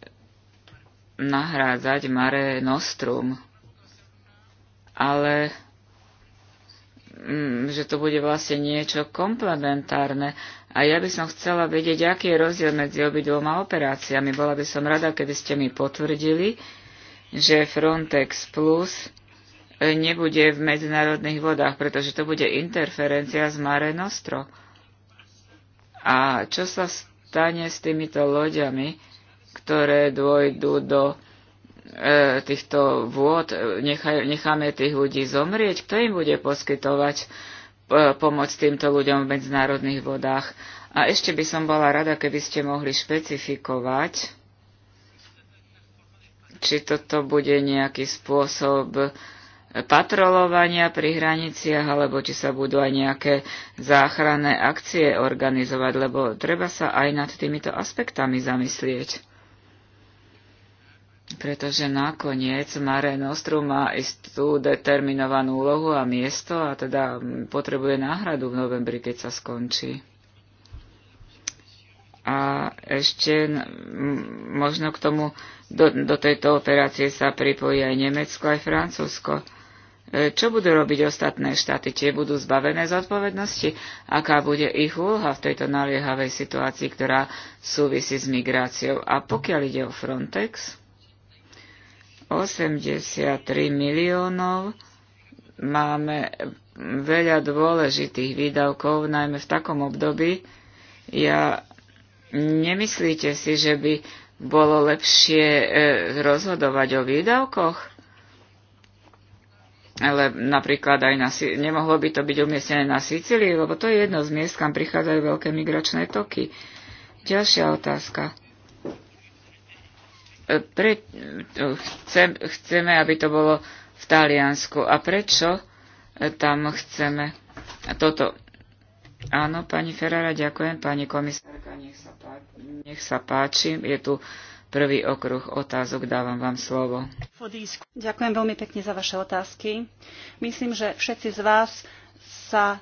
B: nahrádzať Mare Nostrum. Ale mm, že to bude vlastne niečo komplementárne. A ja by som chcela vedieť, aký je rozdiel medzi obidvoma operáciami. Bola by som rada, keby ste mi potvrdili, že Frontex Plus e, nebude v medzinárodných vodách, pretože to bude interferencia z Mare Nostro. A čo sa stane s týmito loďami, ktoré dôjdu do e, týchto vôd, nechaj, necháme tých ľudí zomrieť, kto im bude poskytovať e, pomoc týmto ľuďom v medzinárodných vodách. A ešte by som bola rada, keby ste mohli špecifikovať, či toto bude nejaký spôsob patrolovania pri hraniciach, alebo či sa budú aj nejaké záchranné akcie organizovať, lebo treba sa aj nad týmito aspektami zamyslieť. Pretože nakoniec Mare Nostrum má istú determinovanú úlohu a miesto a teda potrebuje náhradu v novembri, keď sa skončí. A ešte možno k tomu do, do tejto operácie sa pripojí aj Nemecko, aj Francúzsko. Čo budú robiť ostatné štáty? Tie budú zbavené zodpovednosti? Aká bude ich úloha v tejto naliehavej situácii, ktorá súvisí s migráciou? A pokiaľ ide o Frontex, 83 miliónov máme veľa dôležitých výdavkov, najmä v takom období. Ja nemyslíte si, že by bolo lepšie e, rozhodovať o výdavkoch? ale napríklad aj na, nemohlo by to byť umiestnené na Sicílii, lebo to je jedno z miest, kam prichádzajú veľké migračné toky. Ďalšia otázka. E, pre, e, chcem, chceme, aby to bolo v Taliansku. A prečo e, tam chceme toto? Áno, pani Ferrara, ďakujem. Pani komisárka, nech sa, páči, nech sa páči. Je tu prvý okruh otázok. Dávam vám slovo.
A: Ďakujem veľmi pekne za vaše otázky. Myslím, že všetci z vás sa eh,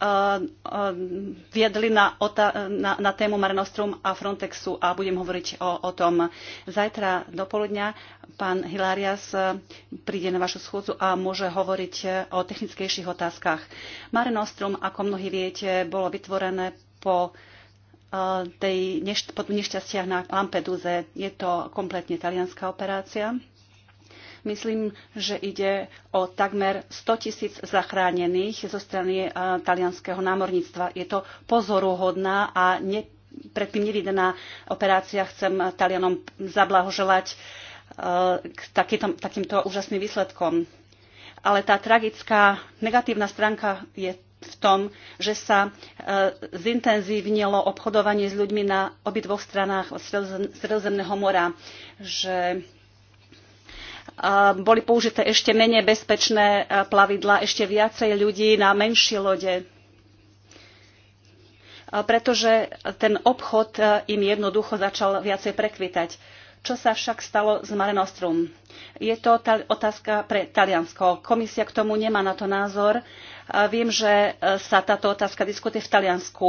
A: eh, viedli na, na, na tému Marenostrum a Frontexu a budem hovoriť o, o tom zajtra do poludňa. Pán Hilarias eh, príde na vašu schôdzu a môže hovoriť o technickejších otázkach. Mare ako mnohí viete, bolo vytvorené po uh, Eh, tej nešť, po nešťastiach na Lampeduze. Je to kompletne talianská operácia. Myslím, že ide o takmer 100 tisíc zachránených zo strany eh, talianského námorníctva. Je to pozoruhodná a ne, predtým nevidená operácia. Chcem Talianom zablahoželať eh, k takýto, takýmto úžasným výsledkom. Ale tá tragická negatívna stránka je v tom, že sa e, zintenzívnilo obchodovanie s ľuďmi na obidvoch stranách Stredozemného mora, že boli použité ešte menej bezpečné e, plavidlá, ešte viacej ľudí na menšie lode, pretože ten obchod e, im jednoducho začal viacej prekvitať čo sa však stalo s Mare Nostrum? Je to otázka pre Taliansko. Komisia k tomu nemá na to názor. Viem, že e, sa táto otázka diskutuje v Taliansku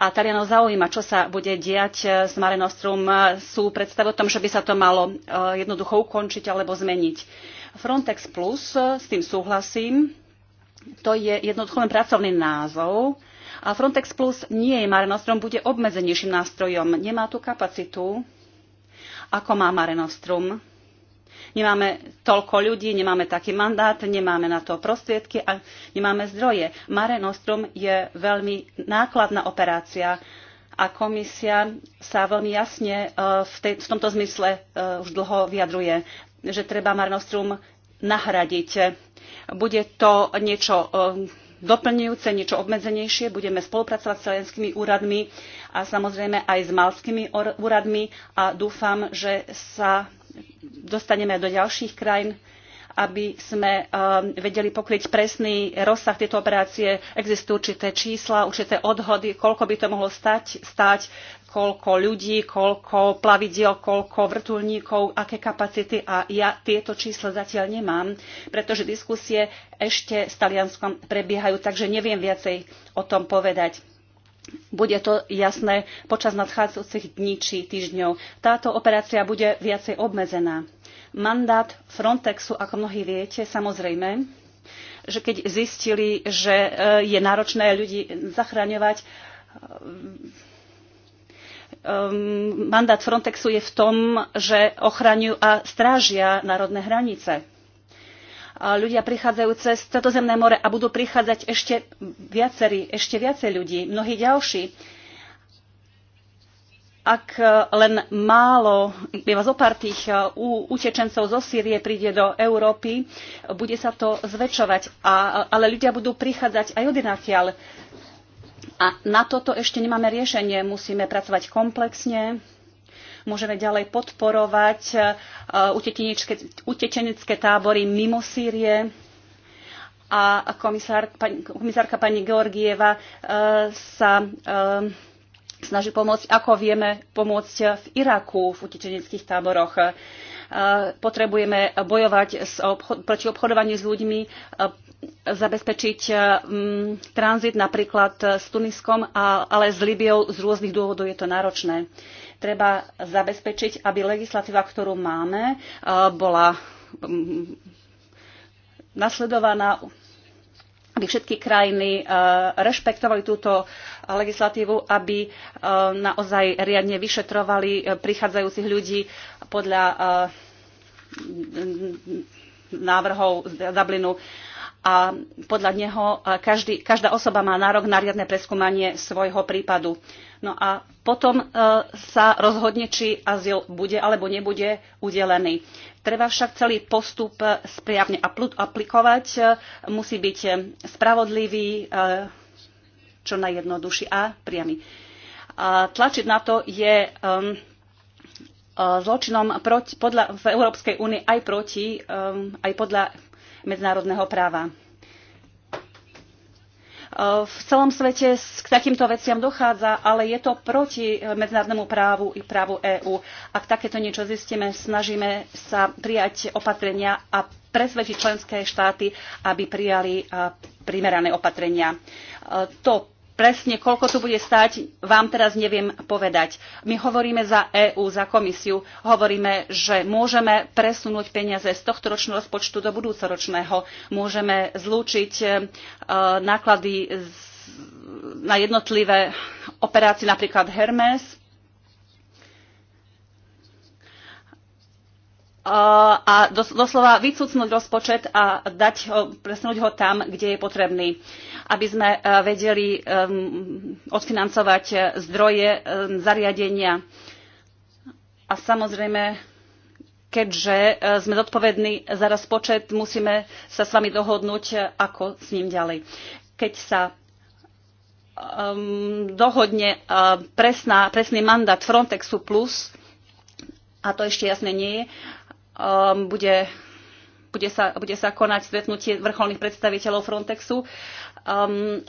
A: a Talianov zaujíma, čo sa bude diať e, s Mare Nostrum. E, sú predstavy o tom, že by sa to malo jednoducho ukončiť alebo zmeniť. Frontex Plus, s tým súhlasím, to je jednoducho len pracovný názov. A Frontex Plus nie je Mare Nostrum, bude obmedzenejším nástrojom. Nemá tú kapacitu ako má Mare Nostrum. Nemáme toľko ľudí, nemáme taký mandát, nemáme na to prostriedky a nemáme zdroje. Mare Nostrum je veľmi nákladná operácia a komisia sa veľmi jasne e, v, tej, v tomto zmysle e, už dlho vyjadruje, že treba Mare Nostrum nahradiť. Bude to niečo e, doplňujúce, niečo obmedzenejšie. Budeme spolupracovať s talianskými úradmi a samozrejme aj s malskými úradmi a dúfam, že sa dostaneme do ďalších krajín, aby sme um, vedeli pokryť presný rozsah tejto operácie. Existujú určité čísla, určité odhody, koľko by to mohlo stať, stať koľko ľudí, koľko plavidiel, koľko vrtulníkov, aké kapacity a ja tieto čísla zatiaľ nemám, pretože diskusie ešte s Talianskom prebiehajú, takže neviem viacej o tom povedať. Bude to jasné počas nadchádzajúcich dní či týždňov. Táto operácia bude viacej obmedzená. Mandát Frontexu, ako mnohí viete, samozrejme, že keď zistili, že e, je náročné ľudí zachraňovať, um, mandát Frontexu je v tom, že ochraňujú a strážia národné hranice. A ľudia prichádzajú cez Stredozemné more a budú prichádzať ešte viacerí, ešte viacej ľudí, mnohí ďalší. Ak e, len málo, iba zo pár tých e, utečencov zo Sýrie príde do Európy, e, bude sa to zväčšovať, a, ale ľudia budú prichádzať aj odinatiaľ. A na toto ešte nemáme riešenie. Musíme pracovať komplexne, môžeme ďalej podporovať e, utečenecké tábory mimo Sýrie. A komisár, pani, komisárka pani Georgieva e, sa e, snaží pomôcť, ako vieme pomôcť v Iraku v utečeneckých táboroch potrebujeme bojovať proti obchodovaniu s ľuďmi, zabezpečiť eh, mm, tranzit napríklad eh, s Tuniskom, ale s Libiou z rôznych dôvodov je to náročné. Treba zabezpečiť, aby legislatíva, ktorú máme, eh, bola mm, nasledovaná, aby všetky krajiny rešpektovali túto legislatívu, aby naozaj riadne vyšetrovali prichádzajúcich ľudí podľa návrhov z Dublinu a podľa neho každý, každá osoba má nárok na riadne preskúmanie svojho prípadu. No a potom e, sa rozhodne, či azyl bude alebo nebude udelený. Treba však celý postup e, správne aplikovať, e, musí byť spravodlivý, čo najjednoduchší a priamy. tlačiť na to je zločinom proti, podľa, v Európskej únii aj proti, aj podľa medzinárodného práva. V celom svete k takýmto veciam dochádza, ale je to proti e, medzinárodnému právu i právu EÚ. Ak takéto niečo zistíme, snažíme sa prijať opatrenia a presvedčiť členské štáty, aby prijali e, primerané opatrenia. E, to Presne koľko to bude stať, vám teraz neviem povedať. My hovoríme za EÚ, za komisiu, hovoríme, že môžeme presunúť peniaze z tohto ročného rozpočtu do budúcoročného, môžeme zlúčiť e, náklady na jednotlivé operácie, napríklad Hermes, a doslova vycucnúť rozpočet a dať ho, presnúť ho tam, kde je potrebný, aby sme e, vedeli e, odfinancovať e, zdroje, zariadenia. A samozrejme, keďže sme zodpovední za rozpočet, musíme sa s vami dohodnúť, ako s ním ďalej. Keď sa dohodne presná, presný mandát Frontexu plus, a to ešte jasné nie je, um, bude, bude, sa, bude sa konať stretnutie vrcholných predstaviteľov Frontexu. Um,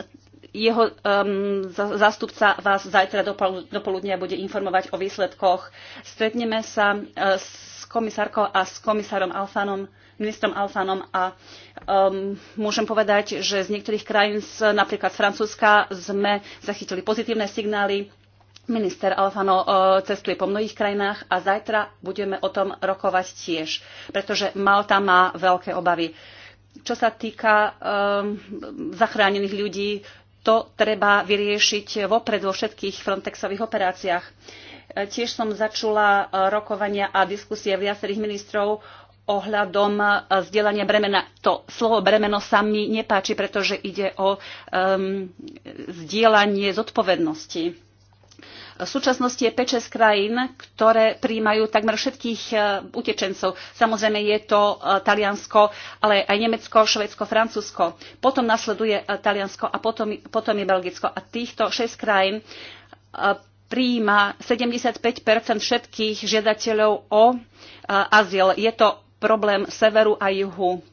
A: jeho um, zástupca vás zajtra do poludnia bude informovať o výsledkoch. Stretneme sa eh, s komisárkou a s komisárom Alfanom, ministrom Alfanom a um, môžem povedať, že z niektorých krajín, napríklad z Francúzska, sme zachytili pozitívne signály Minister Alfano e, cestuje po mnohých krajinách a zajtra budeme o tom rokovať tiež, pretože Malta má veľké obavy. Čo sa týka um, zachránených ľudí, to treba vyriešiť vopred vo všetkých Frontexových operáciách. E, tiež som začula rokovania a diskusie viacerých ministrov ohľadom vzdelania bremena. To slovo bremeno sa mi nepáči, pretože ide o um, zdieľanie zodpovednosti v súčasnosti je 5-6 krajín, ktoré príjmajú takmer všetkých e, utečencov. Samozrejme je to e, Taliansko, ale aj Nemecko, Švedsko, Francúzsko. Potom nasleduje e, Taliansko a potom, potom je Belgicko. A týchto 6 krajín príjma 75 všetkých žiadateľov o azyl. Je to problém severu a juhu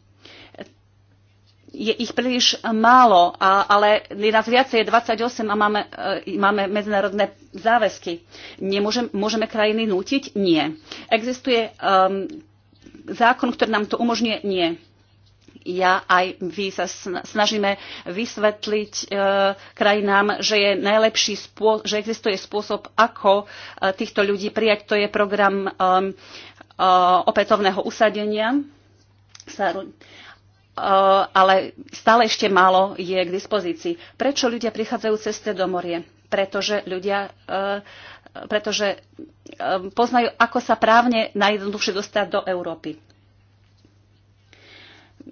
A: je ich príliš málo, a, ale je nás viacej, je 28 a máme, e, máme medzinárodné záväzky. Nemôžem, môžeme krajiny nútiť? Nie. Existuje um, zákon, ktorý nám to umožňuje? Nie. Ja aj vy sa snažíme vysvetliť e, krajinám, že je najlepší spô- že existuje spôsob, ako e, týchto ľudí prijať. To je program e, e, opätovného usadenia. Sa, Eh, ale stále ešte málo je k dispozícii. Prečo ľudia prichádzajú cez morie? Pretože ľudia eh, pretože eh, poznajú, ako sa právne najjednoduchšie dostať do Európy.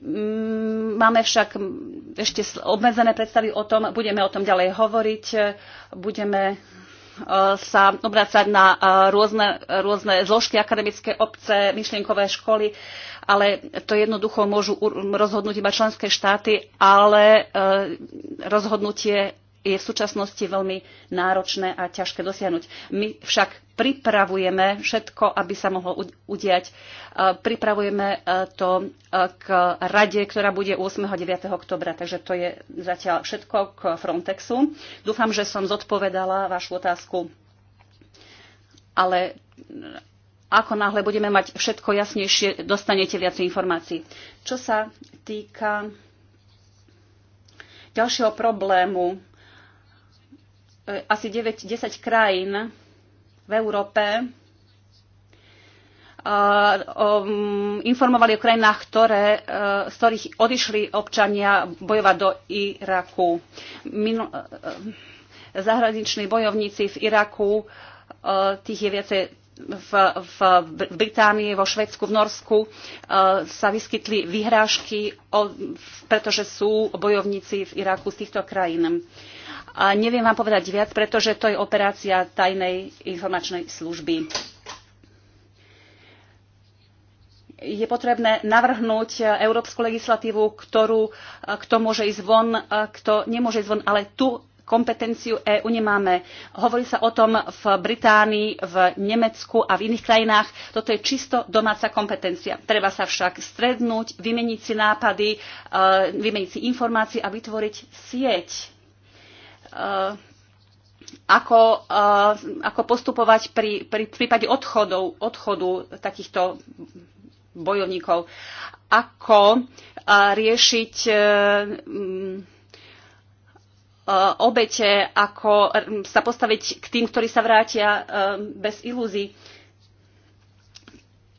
A: Mm, máme však ešte obmedzené predstavy o tom, budeme o tom ďalej hovoriť, budeme sa obrácať na rôzne, rôzne zložky akademické obce, myšlienkové školy ale to jednoducho môžu rozhodnúť iba členské štáty, ale e, rozhodnutie je v súčasnosti veľmi náročné a ťažké dosiahnuť. My však pripravujeme všetko, aby sa mohlo udiať. E, pripravujeme e, to k rade, ktorá bude 8. a 9. oktobra, takže to je zatiaľ všetko k Frontexu. Dúfam, že som zodpovedala vašu otázku, ale ako náhle budeme mať všetko jasnejšie, dostanete viac informácií. Čo sa týka ďalšieho problému, e, asi 9-10 krajín v Európe e, mm, informovali o krajinách, ktoré, e, z ktorých odišli občania bojovať do Iraku. Minul, zahraniční bojovníci v Iraku, tých je viacej v, v Británii, vo Švedsku, v Norsku e, sa vyskytli vyhrážky, pretože sú bojovníci v Iraku z týchto krajín. A neviem vám povedať viac, pretože to je operácia tajnej informačnej služby. Je potrebné navrhnúť európsku legislatívu, ktorú, e, kto môže ísť von, e, kto nemôže ísť von, ale tu kompetenciu EÚ nemáme. Hovorí sa o tom v Británii, v Nemecku a v iných krajinách. Toto je čisto domáca kompetencia. Treba sa však strednúť, vymeniť si nápady, e, vymeniť si informácie a vytvoriť sieť. E, ako, e, ako postupovať pri, pri prípade odchodov, odchodu takýchto bojovníkov. Ako riešiť Eh, obete, ako mm, sa postaviť k tým, ktorí sa vrátia eh, bez ilúzií.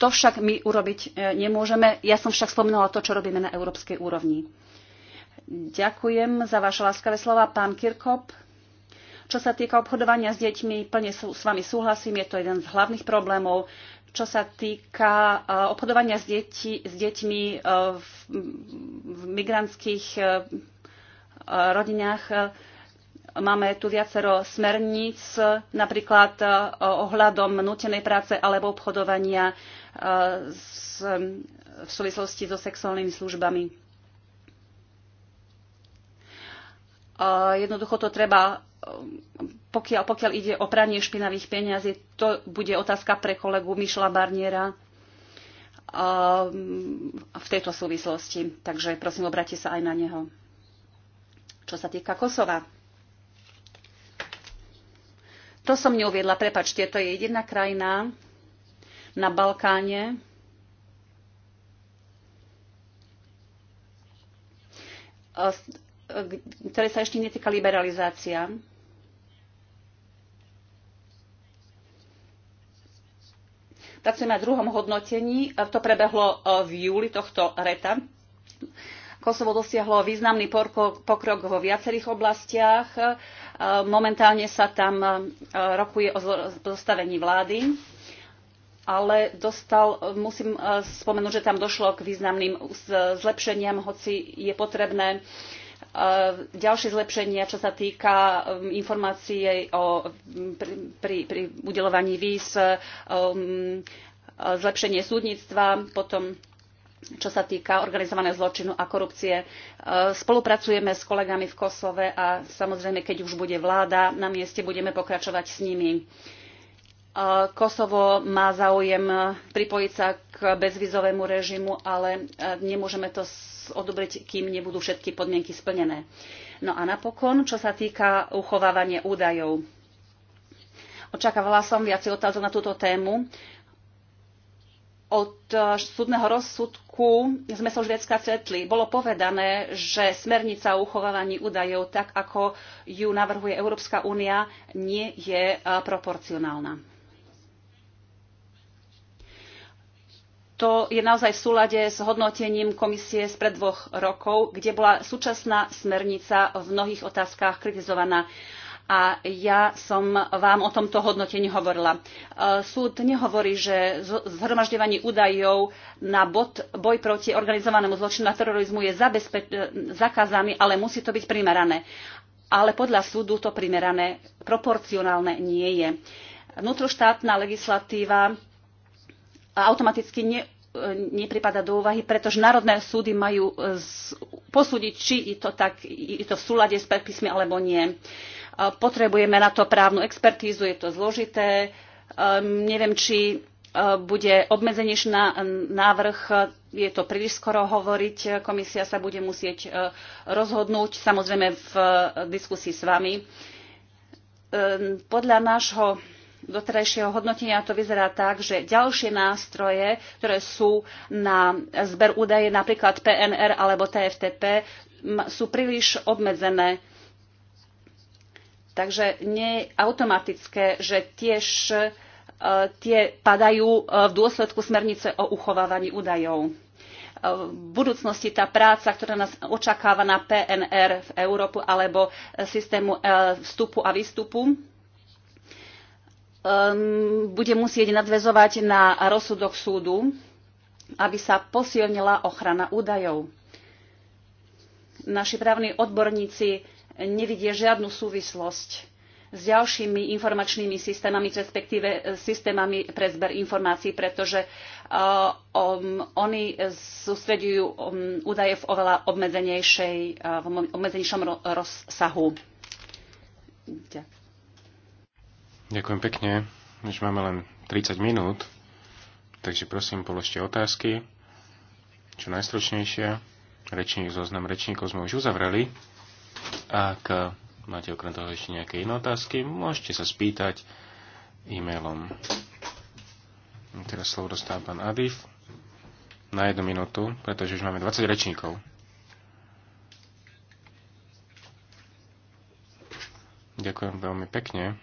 A: To však my urobiť eh, nemôžeme. Ja som však spomenula to, čo robíme na európskej úrovni. Ďakujem za vaše láskavé slova, pán Kirkop. Čo sa týka obchodovania s deťmi, plne s vami súhlasím, je to jeden z hlavných problémov. Čo sa týka obchodovania s, deti, s deťmi v, v migrantských rodinách. Máme tu viacero smerníc, napríklad e, ohľadom nutenej práce alebo obchodovania e, s, v súvislosti so sexuálnymi službami. E, jednoducho to treba, pokiaľ, pokiaľ ide o pranie špinavých peniazí, to bude otázka pre kolegu Mišla Barniera v tejto súvislosti. Takže prosím, obráte sa aj na neho čo sa týka Kosova. To som neuviedla, prepačte, to je jediná krajina na Balkáne, ktoré sa ešte netýka liberalizácia. Pracujeme na druhom hodnotení. To prebehlo v júli tohto reta. Kosovo dosiahlo významný pokrok vo viacerých oblastiach. E, momentálne sa tam e, rokuje o zostavení vlády, ale dostal, musím e, spomenúť, že tam došlo k významným zlepšeniam, hoci je potrebné ďalšie zlepšenia, čo sa týka informácie o, pri, pri udelovaní víz, zlepšenie súdnictva, potom čo sa týka organizovaného zločinu a korupcie. E, spolupracujeme s kolegami v Kosove a samozrejme, keď už bude vláda na mieste, budeme pokračovať s nimi. E, Kosovo má záujem pripojiť sa k bezvizovému režimu, ale e, nemôžeme to odobriť, kým nebudú všetky podmienky splnené. No a napokon, čo sa týka uchovávania údajov. Očakávala som viacej otázov na túto tému od e, súdneho rozsudku sme sa už viackrát stretli. Bolo povedané, že smernica o uchovávaní údajov, tak ako ju navrhuje Európska únia, nie je e, proporcionálna. To je naozaj v súlade s hodnotením komisie spred dvoch rokov, kde bola súčasná smernica v mnohých otázkach kritizovaná a ja som vám o tomto hodnotení hovorila. E, súd nehovorí, že zhromažďovanie údajov na bod, boj proti organizovanému zločinu a terorizmu je e, zakázaný, ale musí to byť primerané. Ale podľa súdu to primerané, proporcionálne nie je. Vnútroštátna legislatíva automaticky ne, e, nepripada do úvahy, pretože národné súdy majú posúdiť, či je to, tak, je to v súlade s predpismi alebo nie. Potrebujeme na to právnu expertízu, je to zložité. Ehm, neviem, či e, bude obmedzenejší návrh, je to príliš skoro hovoriť, komisia sa bude musieť e, rozhodnúť, samozrejme v e, diskusii s vami. Ehm, podľa nášho doterajšieho hodnotenia to vyzerá tak, že ďalšie nástroje, ktoré sú na zber údaje, napríklad PNR alebo TFTP, sú príliš obmedzené Takže nie je automatické, že tiež e, tie padajú e, v dôsledku smernice o uchovávaní údajov. E, v budúcnosti tá práca, ktorá nás očakáva na PNR v Európu alebo systému vstupu a výstupu, bude musieť nadvezovať na rozsudok súdu, aby sa posilnila ochrana údajov. Naši právni odborníci nevidie žiadnu súvislosť s ďalšími informačnými systémami, respektíve e, systémami pre zber informácií, pretože um, oni sústredujú um, údaje v oveľa obmedzenejšej, e, obmedzenejšom ro- rozsahu.
D: Ďakujem. pekne. Už máme len 30 minút, takže prosím, položte otázky. Čo najstručnejšia. Rečník, zoznam rečníkov sme už uzavreli. Ak máte okrem toho ešte nejaké iné otázky, môžete sa spýtať e-mailom. Teraz slovo dostáva pán Adif na jednu minútu, pretože už máme 20 rečníkov. Ďakujem veľmi pekne.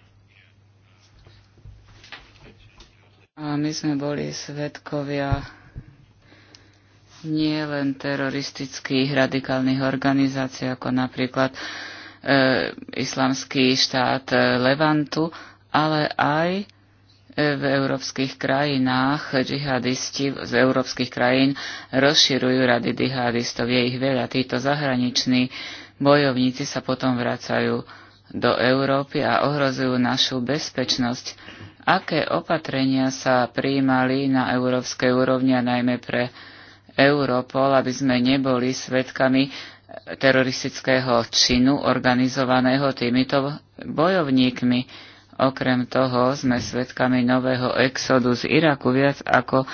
B: A my sme boli svetkovia nie len teroristických radikálnych organizácií, ako napríklad e, islamský štát e, Levantu, ale aj e, v európskych krajinách džihadisti z európskych krajín rozširujú rady džihadistov. Je ich veľa. Títo zahraniční bojovníci sa potom vracajú do Európy a ohrozujú našu bezpečnosť. Aké opatrenia sa prijímali na európskej úrovni a najmä pre Europol, aby sme neboli svetkami teroristického činu organizovaného týmito bojovníkmi. Okrem toho sme svetkami nového exodu z Iraku. Viac ako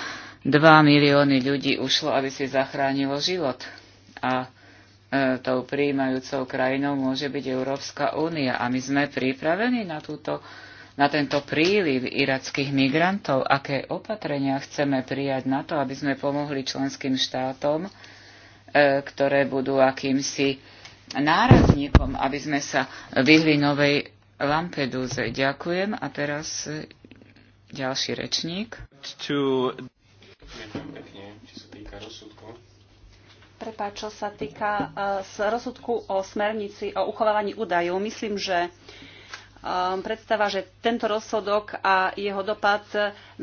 B: 2 milióny ľudí ušlo, aby si zachránilo život. A e, tou príjmajúcou krajinou môže byť Európska únia. A my sme pripravení na túto na tento príliv irackých migrantov, aké opatrenia chceme prijať na to, aby sme pomohli členským štátom, e, ktoré budú akýmsi nárazníkom, aby sme sa vyhli novej Lampedúze. Ďakujem a teraz e, ďalší rečník. To...
A: Prepáč, čo sa týka e, rozsudku o smernici o uchovávaní údajov, myslím, že uh, Um, predstava, že tento rozsudok a jeho dopad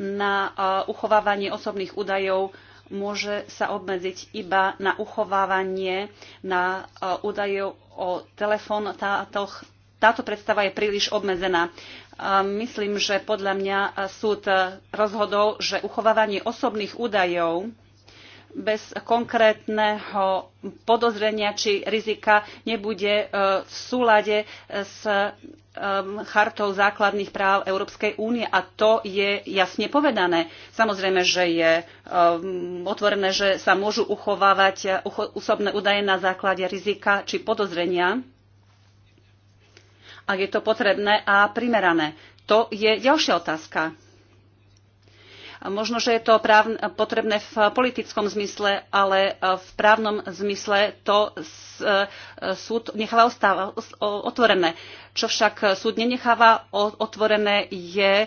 A: na uh, uchovávanie osobných údajov môže sa obmedziť iba na uchovávanie na uh, údajov o telefón. Táto, táto predstava je príliš obmedzená. Um, myslím, že podľa mňa súd rozhodol, že uchovávanie osobných údajov bez konkrétneho podozrenia či rizika nebude e, v súlade s e, chartou základných práv Európskej únie a to je jasne povedané. Samozrejme, že je e, otvorené, že sa môžu uchovávať osobné údaje na základe rizika či podozrenia, ak je to potrebné a primerané. To je ďalšia otázka Možno, že je to práv, potrebné v politickom zmysle, ale e, v právnom zmysle to e, súd necháva otvorené. Čo však súd nenecháva otvorené je e,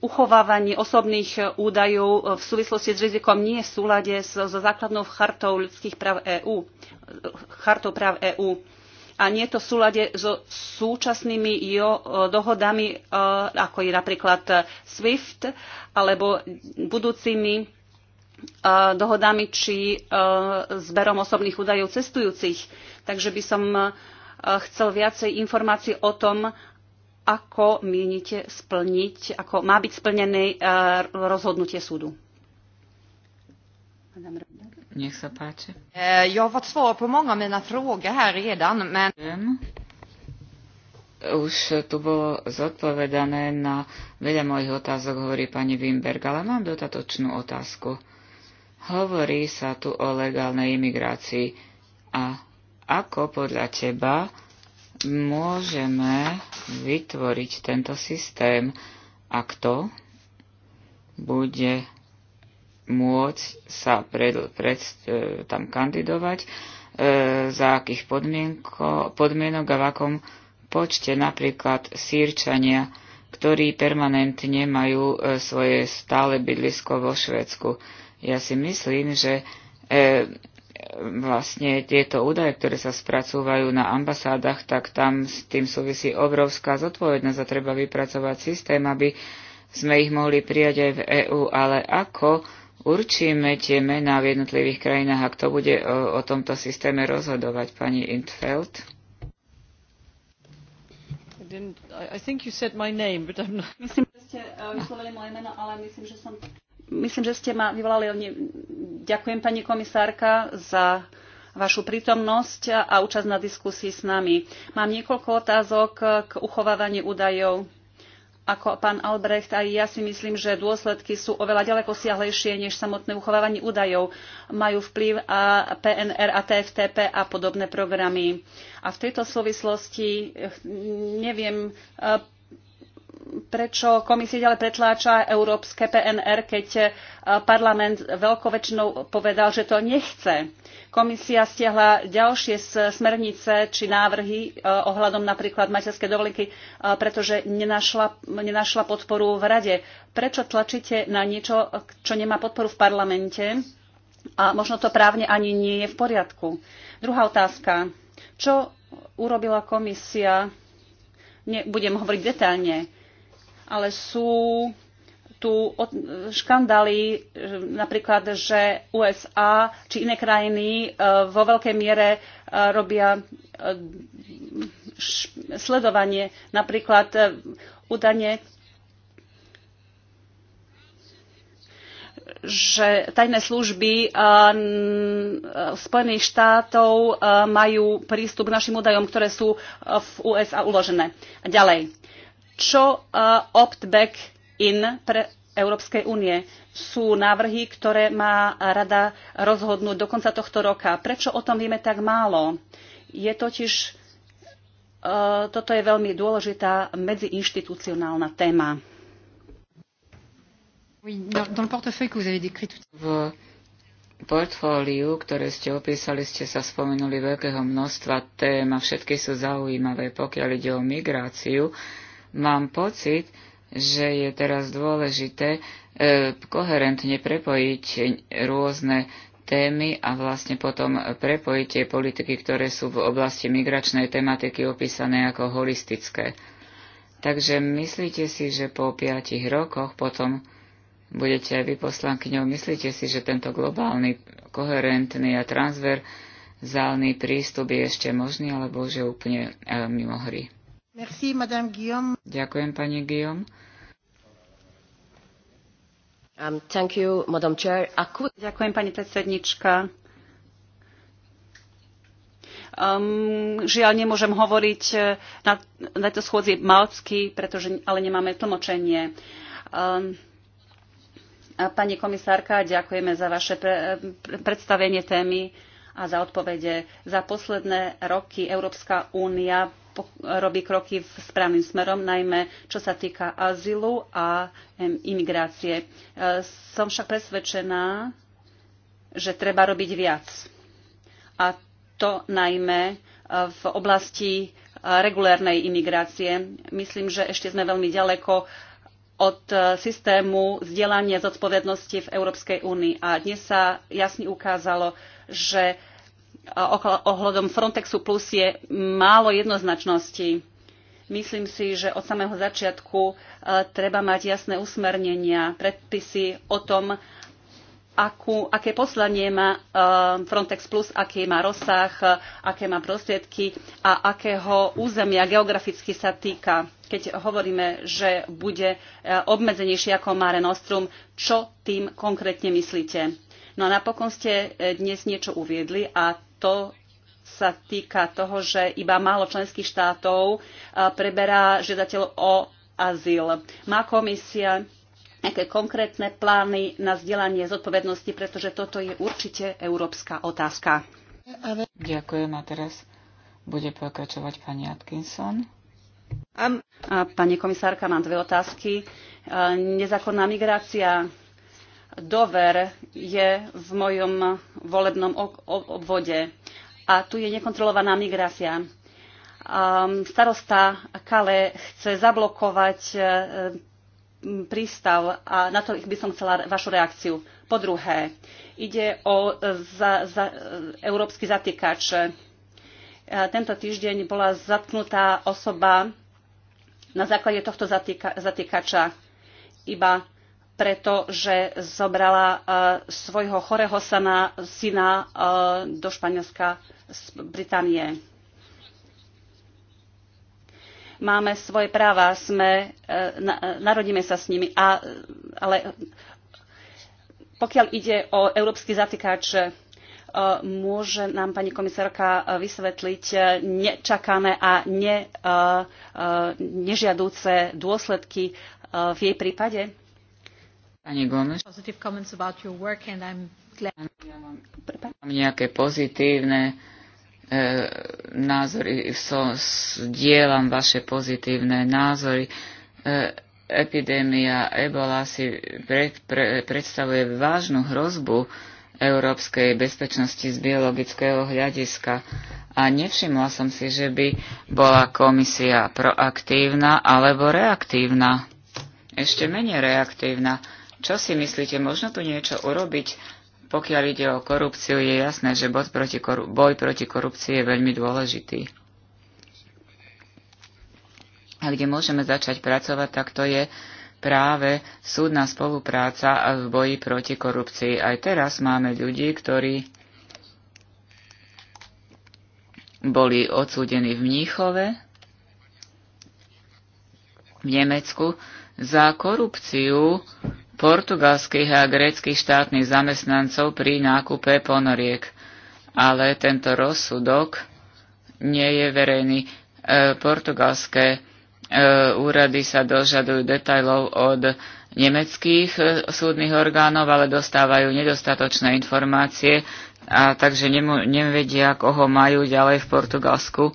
A: uchovávanie osobných údajov v súvislosti s rizikom nie je v súlade so základnou chartou ľudských práv EÚ, chartou práv EÚ a nie je to v súlade so súčasnými jo, e, dohodami, e, ako je napríklad e, SWIFT, alebo budúcimi dohodami či zberom osobných údajov cestujúcich. Takže by som chcel viacej informácií o tom, ako mienite splniť, ako má byť splnené rozhodnutie súdu. Madame
B: nech sa páči.
A: Eh, ja har fått svar på många av mina frågor här redan, men...
B: Už tu bolo zodpovedané na veľa mojich otázok, hovorí pani Wimberg, ale mám dotatočnú otázku. Hovorí sa tu o legálnej imigrácii a ako podľa teba môžeme vytvoriť tento systém a kto bude môcť sa pred, pred, e, tam kandidovať, e, za akých podmienko, podmienok a v akom počte napríklad sírčania, ktorí permanentne majú e, svoje stále bydlisko vo Švedsku. Ja si myslím, že e, vlastne tieto údaje, ktoré sa spracúvajú na ambasádach, tak tam s tým súvisí obrovská zodpovednosť a treba vypracovať systém, aby sme ich mohli prijať aj v EÚ, ale ako určíme tie mená v jednotlivých krajinách a kto bude o, o tomto systéme rozhodovať, pani Intfeld? Myslím, že ste
A: e, vyslovili moje meno, ale myslím, že som... Myslím, že ste ma vyvolali. Ďakujem, pani komisárka, za vašu prítomnosť a účasť na diskusii s nami. Mám niekoľko otázok k uchovávaniu údajov ako pán Albrecht, aj ja si myslím, že dôsledky sú oveľa ďalekosiahlejšie než samotné uchovávanie údajov. Majú vplyv a PNR a TFTP a podobné programy. A v tejto súvislosti eh, neviem eh, prečo Komisia ďalej pretláča európske PNR, keď e, parlament veľkou väčšinou povedal, že to nechce. Komisia stiahla ďalšie smernice či návrhy e, ohľadom napríklad materskej dovolenky, e, pretože nenašla, nenašla podporu v rade. Prečo tlačíte na niečo, čo nemá podporu v parlamente a možno to právne ani nie je v poriadku? Druhá otázka. Čo urobila komisia? Nebudem budem hovoriť detailne ale sú tu škandály, e, napríklad, že USA či iné krajiny e, vo veľkej miere e, robia sledovanie. Napríklad údane, že tajné služby Spojených štátov majú prístup k našim údajom, ktoré sú v USA uložené. A ďalej čo uh, opt-back in pre Európskej únie. Sú návrhy, ktoré má rada rozhodnúť do konca tohto roka. Prečo o tom vieme tak málo? Je totiž, uh, toto je veľmi dôležitá medziinštitucionálna téma.
B: V portfóliu, ktoré ste opísali, ste sa spomenuli veľkého množstva tém a všetky sú zaujímavé. Pokiaľ ide o migráciu, Mám pocit, že je teraz dôležité e, koherentne prepojiť rôzne témy a vlastne potom prepojiť tie politiky, ktoré sú v oblasti migračnej tematiky opísané ako holistické. Takže myslíte si, že po piatich rokoch potom budete aj vy poslankyňou, myslíte si, že tento globálny, koherentný a transverzálny prístup je ešte možný, alebo že úplne e, mimo hry?
D: Merci, Madame Guillaume.
B: Ďakujem, pani Guillaume. Um, thank you, Madam Chair. Ďakujem, pani predsednička.
A: Um, žiaľ, nemôžem hovoriť eh, na, na tejto schôdzi malcky, pretože, ale nemáme tlmočenie. Um, Pani komisárka, ďakujeme za vaše pre, pre, eh, predstavenie témy a za odpovede. Za posledné roky Európska únia robí kroky v správnym smerom, najmä čo sa týka azylu a imigrácie. E, som však presvedčená, že treba robiť viac. A to najmä e, v oblasti e, regulérnej imigrácie. Myslím, že ešte sme veľmi ďaleko od systému zdieľania zodpovednosti v Európskej únii. A dnes sa jasne ukázalo, že ohľadom Frontexu Plus je málo jednoznačnosti. Myslím si, že od samého začiatku e, treba mať jasné usmernenia, predpisy o tom, akú, aké poslanie má e, Frontex Plus, aký má rozsah, e, aké má prostriedky a akého územia geograficky sa týka. Keď hovoríme, že bude obmedzenejšie ako Mare Nostrum, čo tým konkrétne myslíte? No a napokon ste dnes niečo uviedli a to sa týka toho, že iba málo členských štátov preberá žiadateľ o azyl. Má komisia nejaké konkrétne plány na vzdelanie zodpovednosti, pretože toto je určite európska otázka.
B: Ďakujem a teraz bude pokračovať pani Atkinson.
A: Pani komisárka, mám dve otázky. Nezákonná migrácia Dover je v mojom volebnom obvode a tu je nekontrolovaná migrácia. Starosta Kale chce zablokovať e, prístav a na to by som chcela vašu reakciu. Po druhé, ide o e, za, za, e, európsky zatýkač. Tento týždeň bola zatknutá osoba na základe tohto zatýka, zatýkača. Iba pretože zobrala e, svojho chorého sana, syna e, do Španielska z Británie. Máme svoje práva, sme, e, narodíme sa s nimi, a, ale pokiaľ ide o európsky zatýkač, môže nám pani komisárka vysvetliť nečakané a ne, nežiadúce dôsledky v jej prípade?
B: Pani Gomes, mám nejaké pozitívne e, názory, so, sdielam vaše pozitívne názory. E, epidémia ebola si pre, predstavuje vážnu hrozbu európskej bezpečnosti z biologického hľadiska a nevšimla som si, že by bola komisia proaktívna alebo reaktívna. Ešte menej reaktívna čo si myslíte, možno tu niečo urobiť? Pokiaľ ide o korupciu, je jasné, že boj proti, korup- boj proti korupcii je veľmi dôležitý. A kde môžeme začať pracovať, tak to je práve súdna spolupráca v boji proti korupcii. Aj teraz máme ľudí, ktorí boli odsúdení v Mníchove, v Nemecku, za korupciu portugalských a gréckých štátnych zamestnancov pri nákupe ponoriek. Ale tento rozsudok nie je verejný. E, portugalské e, úrady sa dožadujú detajlov od nemeckých e, súdnych orgánov, ale dostávajú nedostatočné informácie, a takže nemu, nevedia, koho majú ďalej v Portugalsku e,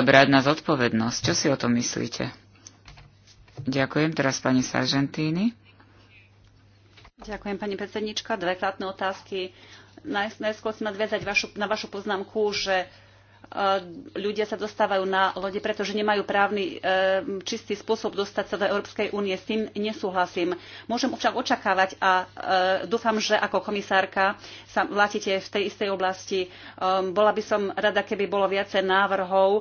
B: brať na zodpovednosť. Čo si o tom myslíte? Ďakujem teraz pani Sargentini.
A: Ďakujem, pani predsednička. Dve krátne otázky. Najskôr chcem nadviazať vašu, na vašu poznámku, že e, ľudia sa dostávajú na lode, pretože nemajú právny e, čistý spôsob dostať sa do Európskej únie. S tým nesúhlasím. Môžem však očakávať a e, dúfam, že ako komisárka sa vlátite v tej istej oblasti. Bola by som rada, keby bolo viacej návrhov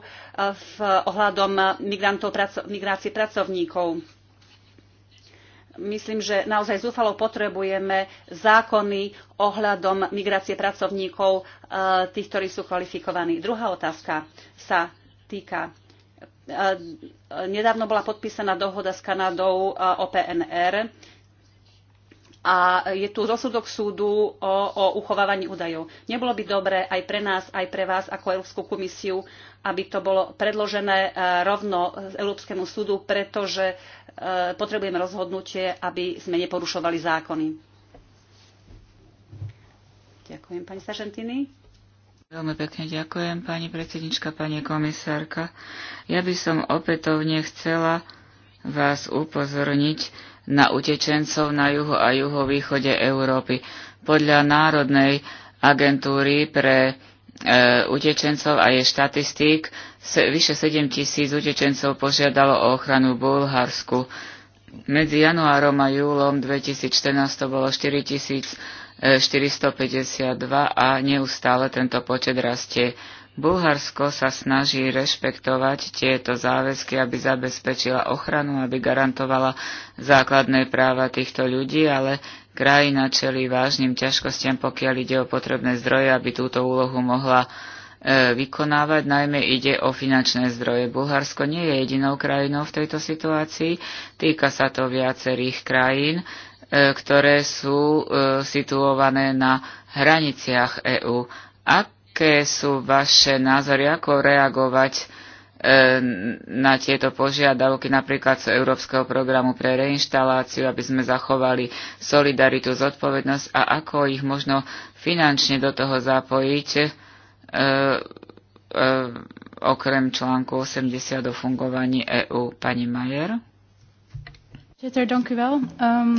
A: v ohľadom migrantov, migrácií pracovníkov myslím, že naozaj zúfalo potrebujeme zákony ohľadom migrácie pracovníkov, eh, tých, ktorí sú kvalifikovaní. Druhá otázka sa týka. Eh, nedávno bola podpísaná dohoda s Kanadou eh, o PNR a je tu rozsudok súdu o, o uchovávaní údajov. Nebolo by dobré aj pre nás, aj pre vás ako Európsku komisiu, aby to bolo predložené rovno Európskemu súdu, pretože E, potrebujeme rozhodnutie, aby sme neporušovali zákony. Ďakujem, pani Sažentiny.
B: Veľmi pekne ďakujem, pani predsednička, pani komisárka. Ja by som opätovne chcela vás upozorniť na utečencov na juhu a juhovýchode Európy. Podľa Národnej agentúry pre e, utečencov a jej štatistík vyše 7 tisíc utečencov požiadalo o ochranu v Bulharsku. Medzi januárom a júlom 2014 to bolo 452 a neustále tento počet rastie. Bulharsko sa snaží rešpektovať tieto záväzky, aby zabezpečila ochranu, aby garantovala základné práva týchto ľudí, ale krajina čelí vážnym ťažkostiam, pokiaľ ide o potrebné zdroje, aby túto úlohu mohla E, vykonávať, najmä ide o finančné zdroje. Bulharsko nie je jedinou krajinou v tejto situácii, týka sa to viacerých krajín, e, ktoré sú e, situované na hraniciach EÚ. Aké sú vaše názory, ako reagovať na tieto požiadavky napríklad z Európskeho programu pre reinštaláciu, aby sme zachovali solidaritu, zodpovednosť a ako ich možno finančne do toho zapojiť, E, e, okrem článku 80 o fungovaní EÚ. Pani Majer.
A: Ehm,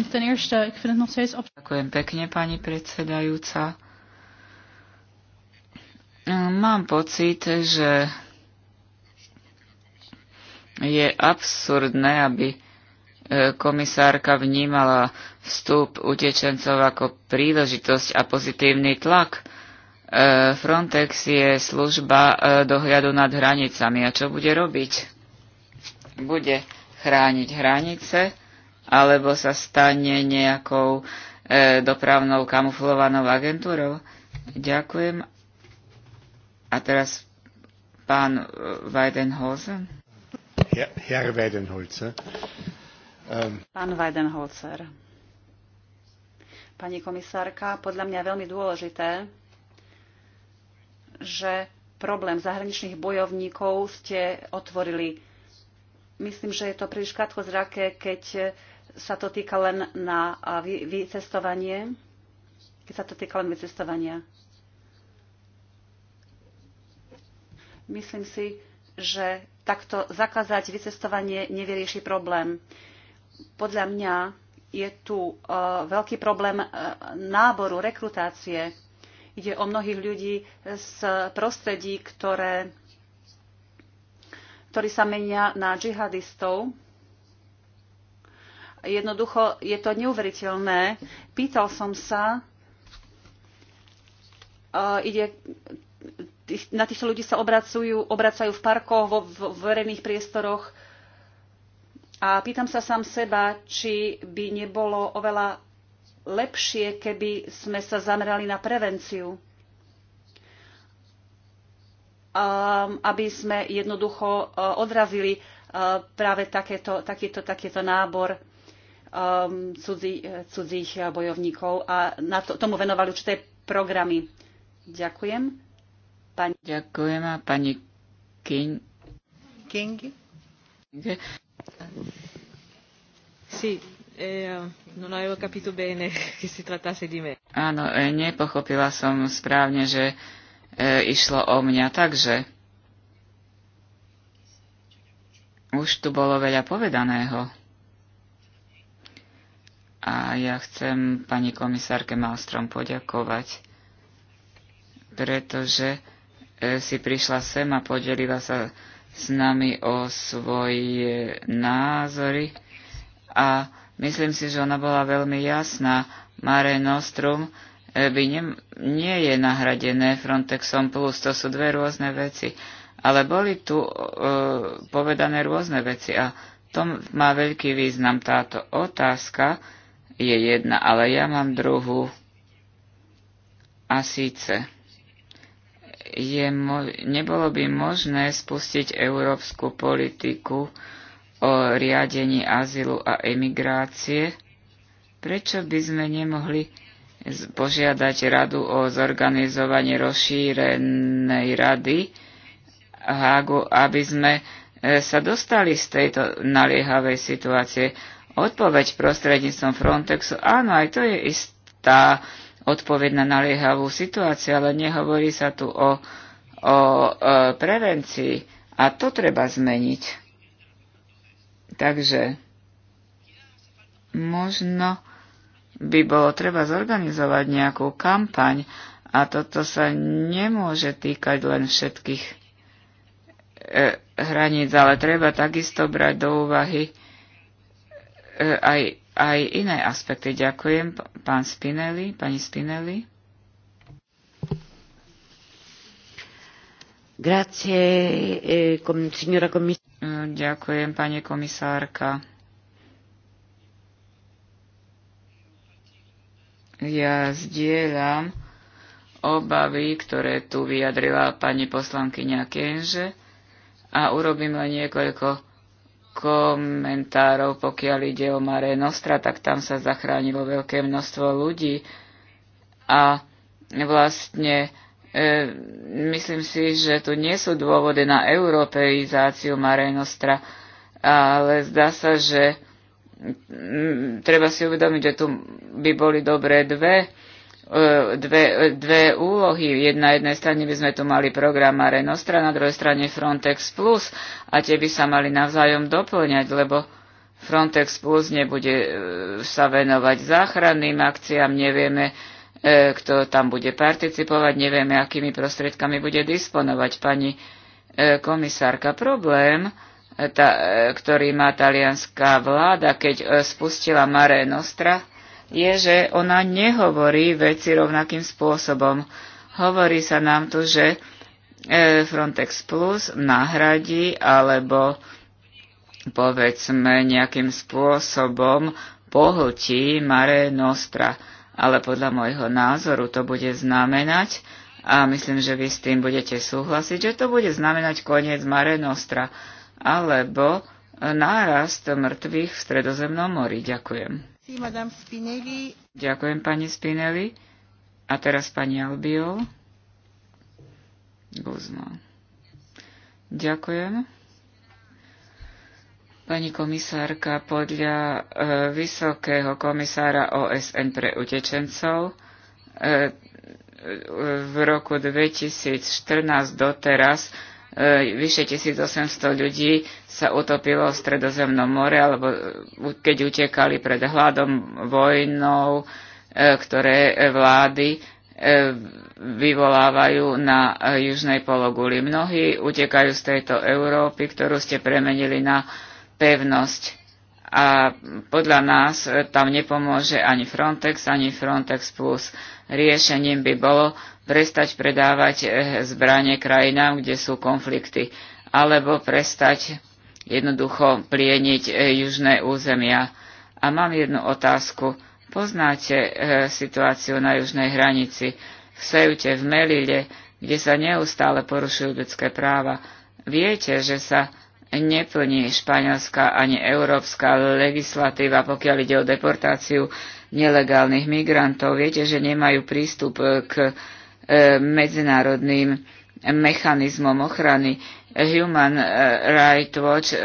B: Ďakujem pekne, pani predsedajúca. E, mám pocit, že je absurdné, aby e, komisárka vnímala vstup utečencov ako príležitosť a pozitívny tlak E, Frontex je služba e, dohľadu nad hranicami. A čo bude robiť? Bude chrániť hranice, alebo sa stane nejakou e, dopravnou kamuflovanou agentúrou? Ďakujem. A teraz pán Weidenholzer. Herr Weidenholzer. Ähm.
A: Pán Weidenholzer. Pani komisárka, podľa mňa je veľmi dôležité, že problém zahraničných bojovníkov ste otvorili. Myslím, že je to príliš zrake, keď sa to týka len na vycestovanie. Keď sa to týka len vycestovania. Myslím si, že takto zakázať vycestovanie nevyrieši problém. Podľa mňa je tu e, veľký problém e, náboru, rekrutácie Ide o mnohých ľudí z prostredí, ktoré, ktorí sa menia na džihadistov. Jednoducho je to neuveriteľné. Pýtal som sa, eh, ide, na týchto ľudí sa obracujú, obracajú v parkoch, vo, v verejných priestoroch. A pýtam sa sám seba, či by nebolo oveľa lepšie, keby sme sa zamerali na prevenciu. Um, aby sme jednoducho uh, odrazili uh, práve takéto, takýto, takýto nábor um, cudzí, uh, cudzích bojovníkov a na to, tomu venovali určité programy. Ďakujem. Pani...
B: Ďakujem a pani King. King? King? Sí, E, no, no, Áno, e, nepochopila som správne, že e, išlo o mňa, takže už tu bolo veľa povedaného. A ja chcem pani komisárke Malstrom poďakovať, pretože si prišla sem a podelila sa s nami o svoje názory a Myslím si, že ona bola veľmi jasná. Mare Nostrum eh, by ne, nie je nahradené Frontexom plus, to sú dve rôzne veci. Ale boli tu e, povedané rôzne veci a to má veľký význam. Táto otázka je jedna, ale ja mám druhú. A síce je mo- nebolo by možné spustiť európsku politiku o riadení azylu a emigrácie, prečo by sme nemohli požiadať radu o zorganizovanie rozšírenej rady Hágu, aby sme e, sa dostali z tejto naliehavej situácie. Odpoveď prostredníctvom Frontexu, áno, aj to je istá odpoveď na naliehavú situáciu, ale nehovorí sa tu o, o, o e, prevencii a to treba zmeniť. Takže možno by bolo treba zorganizovať nejakú kampaň a toto sa nemôže týkať len všetkých e, hraníc, ale treba takisto brať do úvahy e, aj, aj iné aspekty. Ďakujem, pán Spinelli, pani Spinelli. Grazie, eh, signora mm, Ďakujem, pani komisárka. Ja zdieľam obavy, ktoré tu vyjadrila pani poslankyňa Kenže a urobím len niekoľko komentárov, pokiaľ ide o Mare Nostra, tak tam sa zachránilo veľké množstvo ľudí a vlastne E, myslím si, že tu nie sú dôvody na europeizáciu Mare Nostra, ale zdá sa, že mm, treba si uvedomiť, že tu by boli dobré dve, e, dve, dve úlohy. Na jednej strane by sme tu mali program Mare Nostra, na druhej strane Frontex Plus a tie by sa mali navzájom doplňať, lebo Frontex Plus nebude e, sa venovať záchranným akciám, nevieme, E, kto tam bude participovať, nevieme, akými prostriedkami bude disponovať pani e, komisárka. Problém, e, tá, ktorý má talianská vláda, keď spustila Mare Nostra, je, že ona nehovorí veci rovnakým spôsobom. Hovorí sa nám tu, že Frontex Plus nahradí alebo povedzme nejakým spôsobom pohltí Mare Nostra ale podľa môjho názoru to bude znamenať, a myslím, že vy s tým budete súhlasiť, že to bude znamenať koniec Mare Nostra, alebo nárast mŕtvych v Stredozemnom mori. Ďakujem. Ďakujem, pani Spinelli. A teraz pani Albiol. Guzmo. Ďakujem. Pani komisárka, podľa e, Vysokého komisára OSN pre utečencov e, v roku 2014 doteraz e, vyše 1800 ľudí sa utopilo v Stredozemnom more, alebo keď utekali pred hladom, vojnou, ktoré vlády vyvolávajú na južnej pologuli. Mnohí utekajú z tejto Európy, ktorú ste premenili na pevnosť. A podľa nás tam nepomôže ani Frontex, ani Frontex Plus. Riešením by bolo prestať predávať eh, zbranie krajinám, kde sú konflikty, alebo prestať jednoducho plieniť eh, južné územia. A mám jednu otázku. Poznáte eh, situáciu na južnej hranici v Sejute, v Melile, kde sa neustále porušujú ľudské práva. Viete, že sa neplní španielská ani európska legislatíva, pokiaľ ide o deportáciu nelegálnych migrantov. Viete, že nemajú prístup k e, medzinárodným mechanizmom ochrany. Human e, Rights Watch e,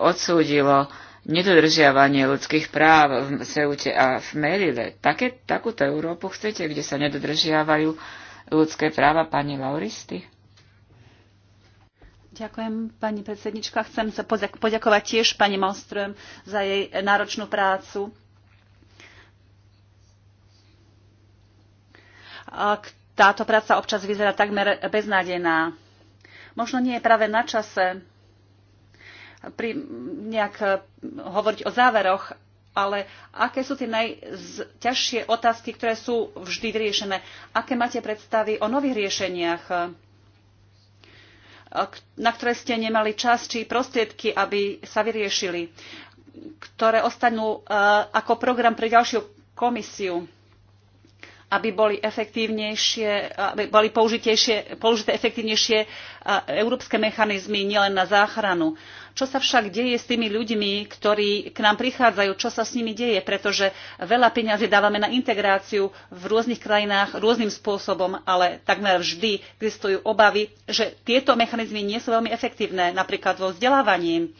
B: odsúdilo nedodržiavanie ľudských práv v Seute a v Merile. Také, takúto Európu chcete, kde sa nedodržiavajú ľudské práva pani Lauristy?
A: Ďakujem, pani predsednička. Chcem sa poďakovať tiež pani Malström za jej náročnú prácu. táto práca občas vyzerá takmer beznádená. Možno nie je práve na čase pri nejak eh, hovoriť o záveroch, ale aké sú tie najťažšie otázky, ktoré sú vždy vyriešené? Aké máte predstavy o nových riešeniach? na ktoré ste nemali čas či prostriedky, aby sa vyriešili, ktoré ostanú e, ako program pre ďalšiu komisiu, aby boli efektívnejšie, aby boli použité efektívnejšie e, európske mechanizmy nielen na záchranu. Čo sa však deje s tými ľuďmi, ktorí k nám prichádzajú, čo sa s nimi deje, pretože veľa peňazí dávame na integráciu v rôznych krajinách rôznym spôsobom, ale takmer vždy existujú obavy, že tieto mechanizmy nie sú veľmi efektívne, napríklad vo vzdelávaní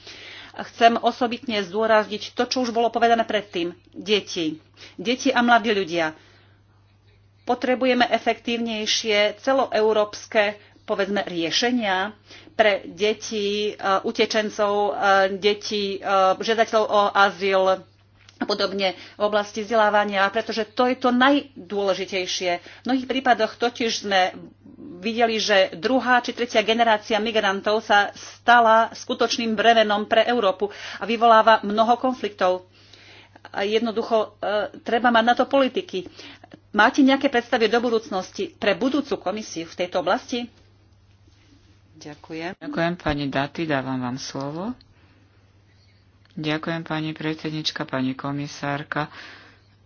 A: chcem osobitne zdôrazniť to, čo už bolo povedané predtým. Deti. Deti a mladí ľudia. Potrebujeme efektívnejšie celoeurópske povedzme, riešenia pre deti, e, utečencov, e, deti, e, žiadateľov o azyl a podobne v oblasti vzdelávania, pretože to je to najdôležitejšie. V mnohých prípadoch totiž sme videli, že druhá či tretia generácia migrantov sa stala skutočným brevenom pre Európu a vyvoláva mnoho konfliktov. Jednoducho treba mať na to politiky. Máte nejaké predstavy do budúcnosti pre budúcu komisiu v tejto oblasti?
B: Ďakujem. Ďakujem pani Daty, dávam vám slovo. Ďakujem pani predsednička, pani komisárka.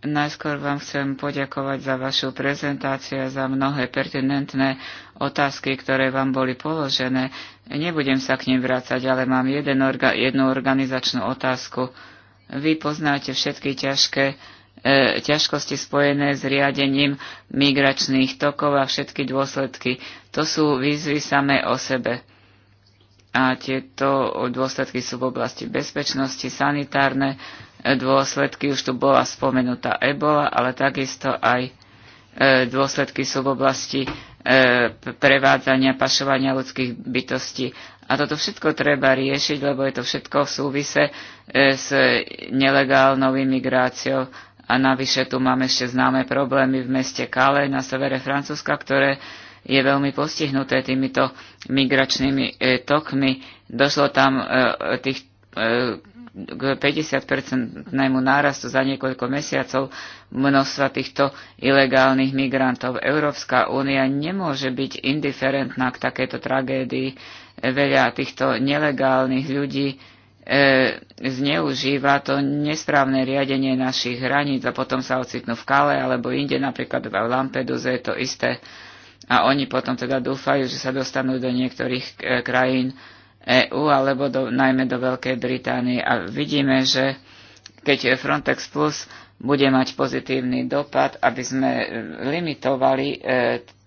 B: Najskôr vám chcem poďakovať za vašu prezentáciu a za mnohé pertinentné otázky, ktoré vám boli položené. Nebudem sa k nim vrácať, ale mám jeden orga, jednu organizačnú otázku. Vy poznáte všetky ťažké E, ťažkosti spojené s riadením migračných tokov a všetky dôsledky. To sú výzvy samé o sebe. A tieto dôsledky sú v oblasti bezpečnosti, sanitárne dôsledky, už tu bola spomenutá ebola, ale takisto aj e, dôsledky sú v oblasti e, prevádzania, pašovania ľudských bytostí. A toto všetko treba riešiť, lebo je to všetko v súvise s nelegálnou imigráciou a navyše tu máme ešte známe problémy v meste Kale na severe Francúzska, ktoré je veľmi postihnuté týmito migračnými e, tokmi. Došlo tam e, tých, e, k 50-percentnému nárastu za niekoľko mesiacov množstva týchto ilegálnych migrantov. Európska únia nemôže byť indiferentná k takéto tragédii. Veľa týchto nelegálnych ľudí E, zneužíva to nesprávne riadenie našich hraníc a potom sa ocitnú v Kale alebo inde, napríklad v Lampeduze je to isté. A oni potom teda dúfajú, že sa dostanú do niektorých e, krajín EÚ alebo do, najmä do Veľkej Británie. A vidíme, že keď Frontex Plus bude mať pozitívny dopad, aby sme e, limitovali e,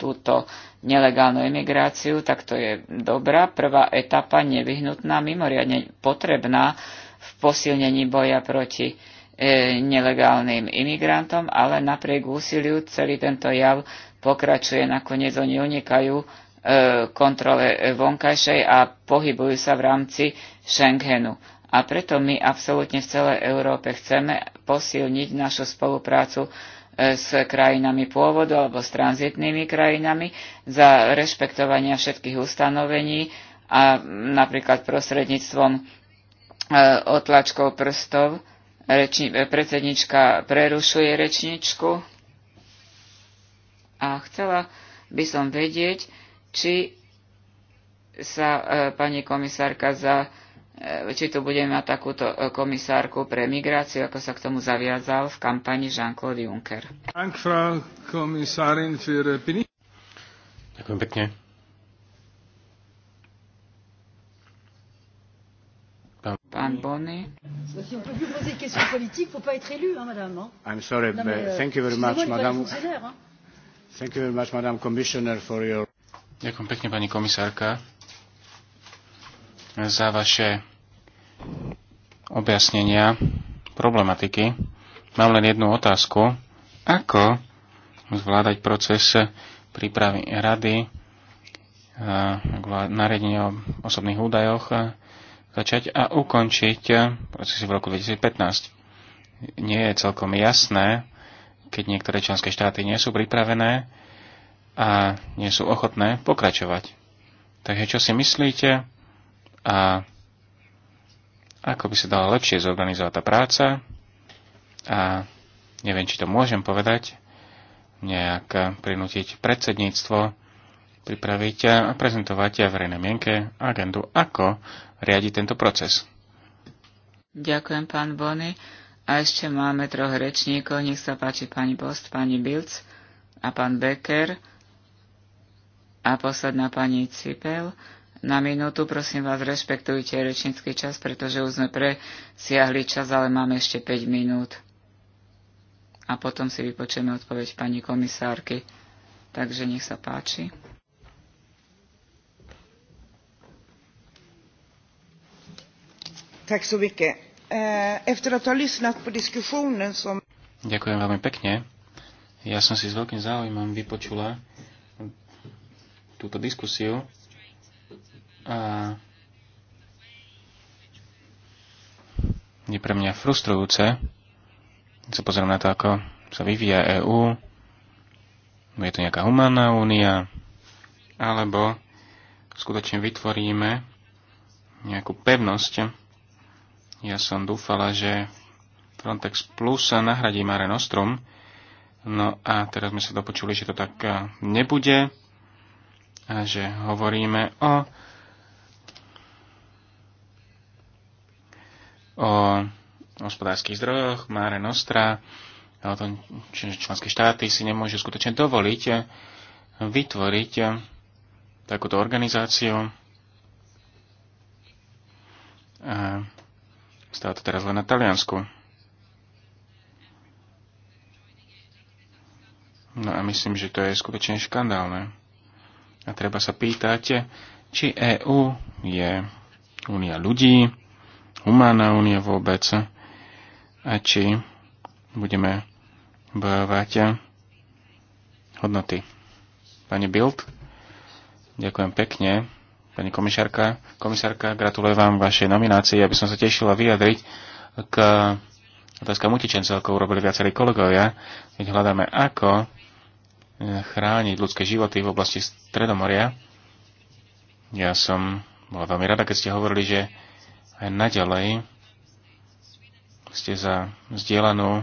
B: túto nelegálnu imigráciu, tak to je dobrá prvá etapa, nevyhnutná, mimoriadne potrebná v posilnení boja proti e, nelegálnym imigrantom, ale napriek úsiliu celý tento jav pokračuje. Nakoniec oni unikajú kontrole vonkajšej a pohybujú sa v rámci Schengenu. A preto my absolútne v celej Európe chceme posilniť našu spoluprácu e, s krajinami pôvodu alebo s tranzitnými krajinami za rešpektovania všetkých ustanovení a napríklad prostredníctvom e, otlačkov prstov reči, predsednička prerušuje rečničku. A chcela by som vedieť, či sa e, pani komisárka za E, či tu budeme mať takúto e, komisárku pre migráciu, ako sa k tomu zaviazal v kampani Jean-Claude Juncker. Ďakujem pekne. Pán, Bonny.
D: I'm sorry, but euh, thank you very much, madam. Thank you very much, madam commissioner, for your... Ďakujem pekne, pani komisárka, za vaše objasnenia problematiky. Mám len jednu otázku. Ako zvládať proces prípravy rady eh, nariadenie o osobných údajoch eh, začať a ukončiť procesy v roku 2015. Nie je celkom jasné, keď niektoré členské štáty nie sú pripravené a nie sú ochotné pokračovať. Takže čo si myslíte a ako by sa dala lepšie zorganizovať tá práca a neviem, či to môžem povedať, nejak prinútiť predsedníctvo, pripraviť a prezentovať a verejnej mienke agendu, ako riadi tento proces.
B: Ďakujem, pán Bony. A ešte máme troch rečníkov. Nech sa páči pani Bost, pani Bilc a pán Becker a posledná pani Cipel na minútu. Prosím vás, rešpektujte rečnícky čas, pretože už sme presiahli čas, ale máme ešte 5 minút. A potom si vypočujeme odpoveď pani komisárky. Takže nech sa páči. Tak så mycket.
C: Efter att ha lyssnat på diskussionen som...
D: Ďakujem veľmi pekne. Ja som si s veľkým záujmom vypočula túto diskusiu. A je pre mňa frustrujúce, keď sa pozriem na to, ako sa vyvíja EÚ, je to nejaká humánna únia, alebo skutočne vytvoríme nejakú pevnosť. Ja som dúfala, že Frontex Plus nahradí Mare Nostrum, no a teraz sme sa dopočuli, že to tak nebude a že hovoríme o o hospodárskych zdrojoch, Mare Nostra, o tom, čiže členské štáty si nemôžu skutočne dovoliť vytvoriť takúto organizáciu. A stáva to teraz len na Taliansku. No a myslím, že to je skutočne škandálne. A treba sa pýtať, či EÚ je únia ľudí, humánna únia vôbec a či budeme bojovať hodnoty. Pani Bild, ďakujem pekne. Pani komisárka, komisárka, gratulujem vám vašej nominácii. aby som sa tešila vyjadriť k otázkam utečencov, ako urobili viacerí kolegovia, keď hľadáme, ako chrániť ľudské životy v oblasti Stredomoria. Ja som bola veľmi rada, keď ste hovorili, že aj naďalej ste za vzdielanú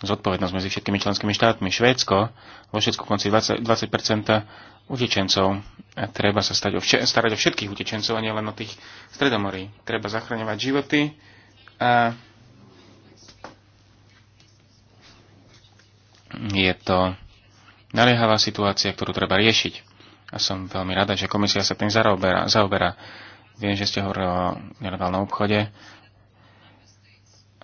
D: zodpovednosť medzi všetkými členskými štátmi. Švédsko, vo Švédsku konci 20, 20% utečencov. A treba sa stať o vš- starať o všetkých utečencov, a nie len o tých stredomorí. Treba zachraňovať životy a je to naliehavá situácia, ktorú treba riešiť. A som veľmi rada, že komisia sa tým zaoberá. zaoberá. Viem, že ste hovorili o nelegálnom obchode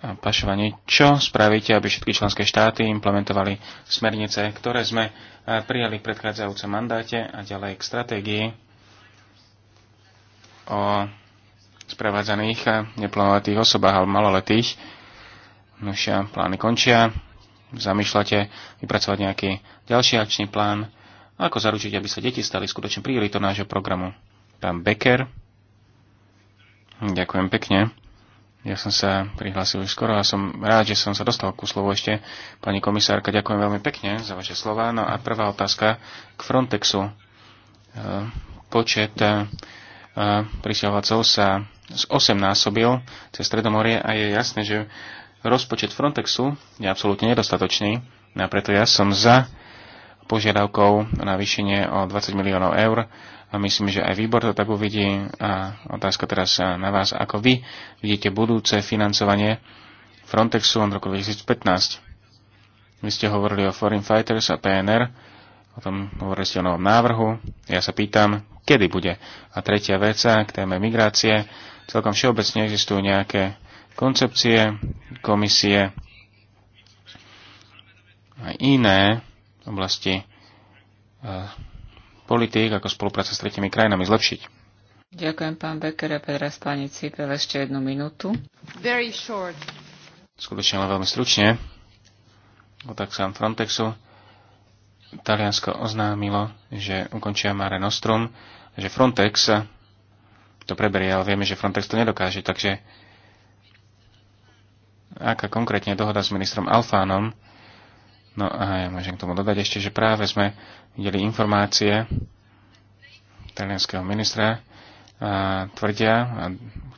D: Pašovanie, Čo spravíte, aby všetky členské štáty implementovali smernice, ktoré sme prijali v predchádzajúcom mandáte a ďalej k stratégii o sprevádzaných neplánovatých osobách alebo maloletých. Nošia plány končia. Zamýšľate vypracovať nejaký ďalší akčný plán. Ako zaručiť, aby sa deti stali skutočne prioritou nášho programu? Pán Becker. Ďakujem pekne. Ja som sa prihlásil už skoro a som rád, že som sa dostal ku slovu ešte. Pani komisárka, ďakujem veľmi pekne za vaše slova. No a prvá otázka k Frontexu. E, počet e, prisťahovacov sa z 8 násobil cez Stredomorie a je jasné, že rozpočet Frontexu je absolútne nedostatočný. No a preto ja som za požiadavkou na vyšenie o 20 miliónov eur a myslím, že aj výbor to tak uvidí. A otázka teraz na vás, ako vy vidíte budúce financovanie Frontexu od roku 2015. Vy ste hovorili o Foreign Fighters a PNR, o tom hovorili ste o novom návrhu. Ja sa pýtam, kedy bude. A tretia vec k téme migrácie. Celkom všeobecne existujú nejaké koncepcie, komisie a iné oblasti eh, politík, ako spolupráca s tretimi krajinami zlepšiť.
B: Ďakujem, pán Becker a Petra pani Cipel, ešte jednu minútu. Very short.
D: Skutočne len veľmi stručne. tak sám Frontexu. Taliansko oznámilo, že ukončia Mare Nostrum, že Frontex to preberie, ale vieme, že Frontex to nedokáže, takže aká konkrétne dohoda s ministrom Alfánom, No a ja môžem k tomu dodať ešte, že práve sme videli informácie talianského ministra, a tvrdia, a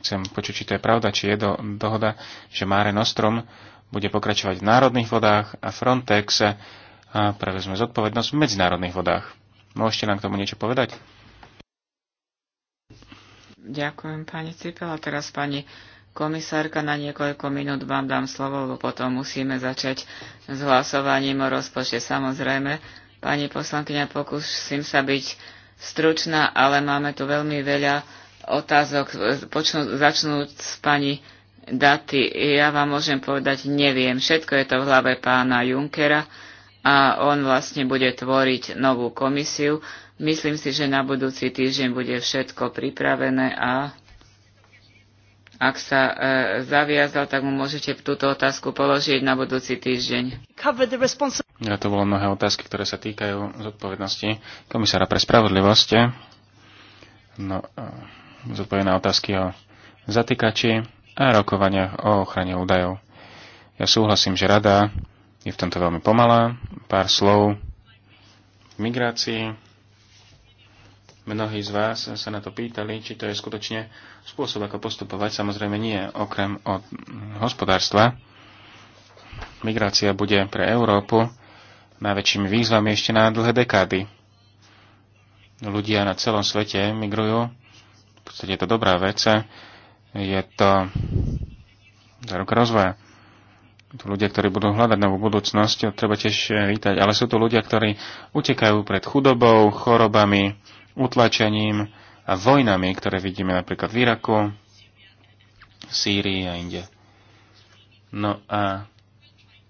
D: chcem počuť, či to je pravda, či je do, dohoda, že Mare Nostrum bude pokračovať v národných vodách a Frontex a prevezme zodpovednosť v medzinárodných vodách. Môžete nám k tomu niečo povedať?
B: Ďakujem, pani Cipel. A teraz pani komisárka, na niekoľko minút vám dám slovo, lebo potom musíme začať s hlasovaním o rozpočte. Samozrejme, Pani poslankyňa, pokúsim sa byť stručná, ale máme tu veľmi veľa otázok. Počnú, začnúť s pani Daty. Ja vám môžem povedať, neviem. Všetko je to v hlave pána Junkera a on vlastne bude tvoriť novú komisiu. Myslím si, že na budúci týždeň bude všetko pripravené a ak sa e, zaviazal, tak mu môžete túto otázku položiť na budúci týždeň.
D: Ja to bolo mnohé otázky, ktoré sa týkajú zodpovednosti komisára pre spravodlivosť. No, e, zodpovie otázky o zatýkači a rokovania o ochrane údajov. Ja súhlasím, že rada je v tomto veľmi pomalá. Pár slov v migrácii. Mnohí z vás sa na to pýtali, či to je skutočne spôsob, ako postupovať. Samozrejme nie, okrem od hospodárstva. Migrácia bude pre Európu najväčšími výzvami ešte na dlhé dekády. Ľudia na celom svete migrujú, v podstate je to dobrá vec, je to záruk rozvoja. Tu ľudia, ktorí budú hľadať novú budúcnosť, treba tiež eh, vítať, ale sú to ľudia, ktorí utekajú pred chudobou, chorobami, utlačením a vojnami, ktoré vidíme napríklad v Iraku, v Sýrii a inde. No a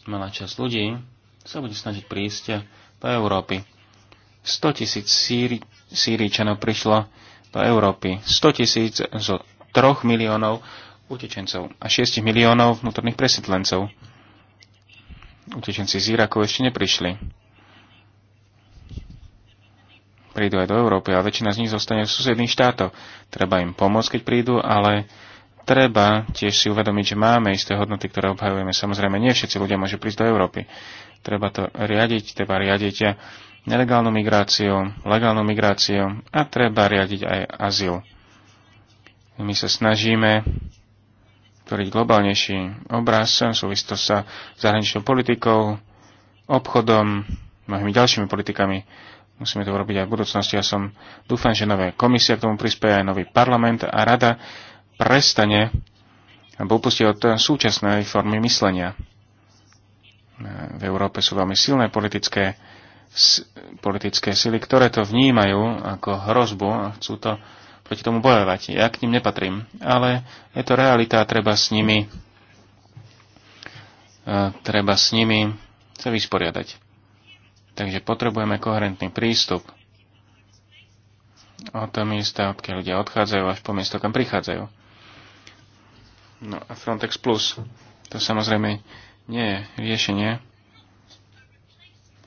D: malá časť ľudí, sa bude snažiť prísť do Európy. 100 tisíc Sýri, Sýričanov prišlo do Európy. 100 tisíc zo 3 miliónov utečencov a 6 miliónov vnútorných presídlencov. Utečenci z Iraku ešte neprišli. Prídu aj do Európy a väčšina z nich zostane v susedných štátoch. Treba im pomôcť, keď prídu, ale treba tiež si uvedomiť, že máme isté hodnoty, ktoré obhajujeme. Samozrejme, nie všetci ľudia môžu prísť do Európy treba to riadiť, treba riadiť nelegálnu migráciu, legálnu migráciu a treba riadiť aj azyl. My sa snažíme tvoriť globálnejší obraz, v súvislosti sa zahraničnou politikou, obchodom, mnohými ďalšími politikami. Musíme to urobiť aj v budúcnosti. Ja som dúfam, že nové komisia k tomu prispieje aj nový parlament a rada prestane alebo upustí od súčasnej formy myslenia v Európe sú veľmi silné politické, politické sily, ktoré to vnímajú ako hrozbu a chcú to proti tomu bojovať. Ja k ním nepatrím, ale je to realita a treba s nimi e, treba s nimi sa vysporiadať. Takže potrebujeme koherentný prístup O to miesta, odkiaľ ľudia odchádzajú, až po miesto, kam prichádzajú. No a Frontex Plus, to samozrejme nie je riešenie.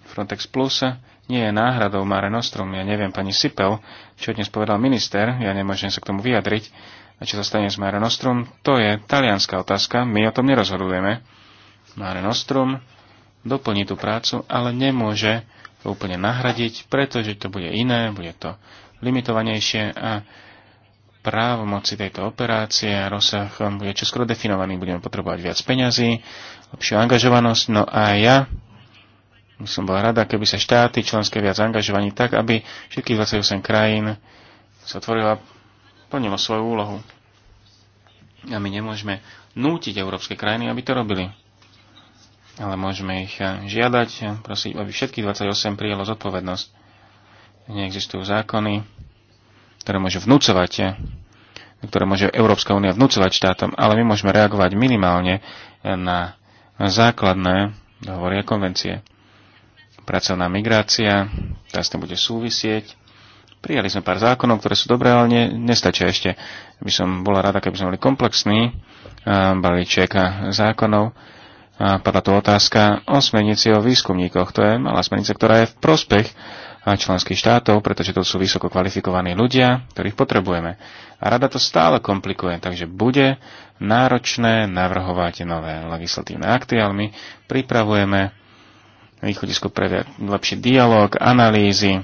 D: Frontex Plus nie je náhradou Mare Nostrum. Ja neviem, pani Sipel, čo dnes povedal minister, ja nemôžem sa k tomu vyjadriť. A čo sa stane s Mare Nostrum, to je talianská otázka, my o tom nerozhodujeme. Mare Nostrum doplní tú prácu, ale nemôže to úplne nahradiť, pretože to bude iné, bude to limitovanejšie a právomoci tejto operácie a rozsah um, bude čoskoro definovaný. Budeme potrebovať viac peňazí, lepšiu angažovanosť. No a ja by som bola rada, keby sa štáty členské viac angažovaní tak, aby všetkých 28 krajín sa tvorila, plnilo svoju úlohu. A my nemôžeme nútiť európske krajiny, aby to robili. Ale môžeme ich eh, žiadať, eh, prosiť, aby všetkých 28 prijalo zodpovednosť. Neexistujú zákony, ktoré môže vnúcovať, eh, ktoré môže Európska únia vnúcovať štátom, ale my môžeme reagovať minimálne eh, na základné dohovory a konvencie. Pracovná migrácia, tá s tým bude súvisieť. Prijali sme pár zákonov, ktoré sú dobré, ale ne, nestačia ešte. By som bola rada, keby sme boli komplexní eh, balíček zákonov. A padla tu otázka o smernici o výskumníkoch. To je malá smernica, ktorá je v prospech členských štátov, pretože to sú vysoko kvalifikovaní ľudia, ktorých potrebujeme. A rada to stále komplikuje, takže bude náročné navrhovať nové legislatívne akty, ale my pripravujeme východisko pre lepší dialog, analýzy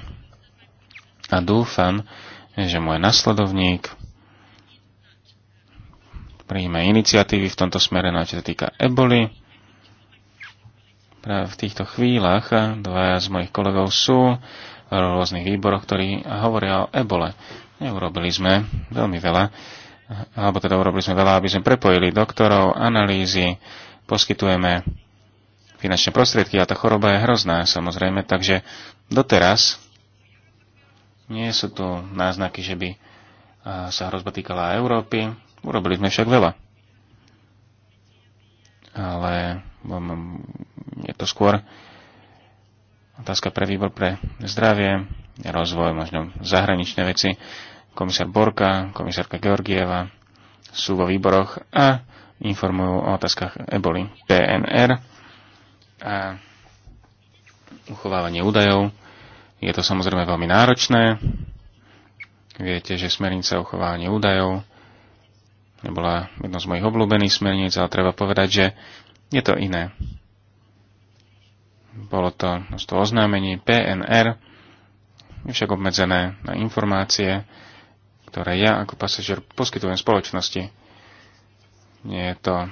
D: a dúfam, že môj nasledovník príjme iniciatívy v tomto smere, na no čo sa týka eboli. Práve v týchto chvíľach dvaja z mojich kolegov sú rôznych výboroch, ktorí hovoria o ebole. Neurobili sme veľmi veľa, alebo teda urobili sme veľa, aby sme prepojili doktorov, analýzy, poskytujeme finančné prostriedky a tá choroba je hrozná samozrejme, takže doteraz nie sú tu náznaky, že by sa hrozba týkala Európy. Urobili sme však veľa. Ale je to skôr otázka pre výbor pre zdravie, rozvoj, možno zahraničné veci. Komisár Borka, komisárka Georgieva sú vo výboroch a informujú o otázkach eboli PNR a uchovávanie údajov. Je to samozrejme veľmi náročné. Viete, že smernica uchovávanie údajov nebola jednou z mojich obľúbených smerníc, ale treba povedať, že je to iné. Bolo to množstvo oznámení PNR, je však obmedzené na informácie, ktoré ja ako pasažier poskytujem spoločnosti. Nie je to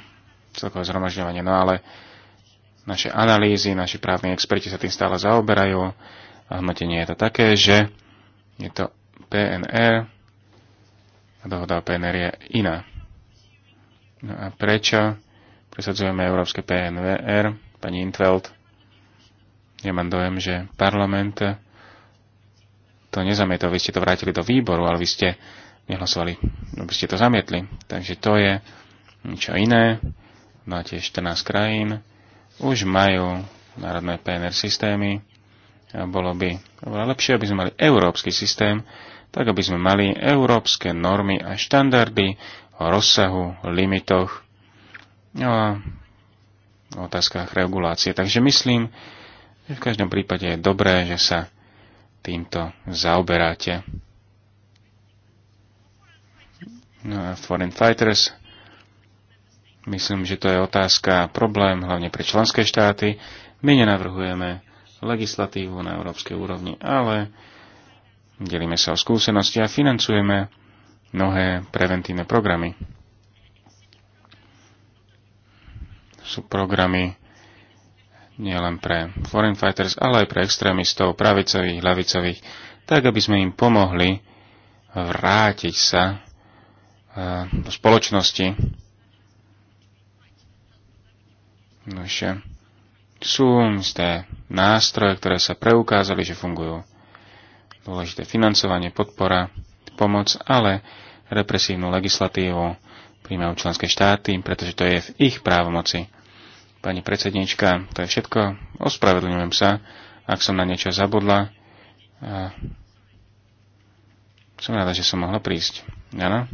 D: celkové zhromažďovanie, no ale naše analýzy, naši právni experti sa tým stále zaoberajú a hmotenie je to také, že je to PNR a dohoda o PNR je iná. No a prečo presadzujeme európske PNR, pani Intveld? Ja mám dojem, že parlament to nezamietol. Vy ste to vrátili do výboru, ale vy ste nehlasovali, no, vy ste to zamietli. Takže to je niečo iné. Máte no 14 krajín, už majú národné PNR systémy. A bolo by oveľa lepšie, aby sme mali európsky systém, tak aby sme mali európske normy a štandardy o rozsahu, limitoch no a o otázkach regulácie. Takže myslím, v každom prípade je dobré, že sa týmto zaoberáte. No a Foreign Fighters, myslím, že to je otázka a problém hlavne pre členské štáty. My nenavrhujeme legislatívu na európskej úrovni, ale delíme sa o skúsenosti a financujeme mnohé preventívne programy. Sú programy nielen pre foreign fighters, ale aj pre extrémistov, pravicových, ľavicových, tak aby sme im pomohli vrátiť sa eh, do spoločnosti. Nože, sú isté nástroje, ktoré sa preukázali, že fungujú. Dôležité financovanie, podpora, pomoc, ale represívnu legislatívu príjmajú členské štáty, pretože to je v ich právomoci Pani predsednička, to je všetko. Ospravedlňujem sa, ak som na niečo zabudla. A som rada, že som mohla prísť. Jana?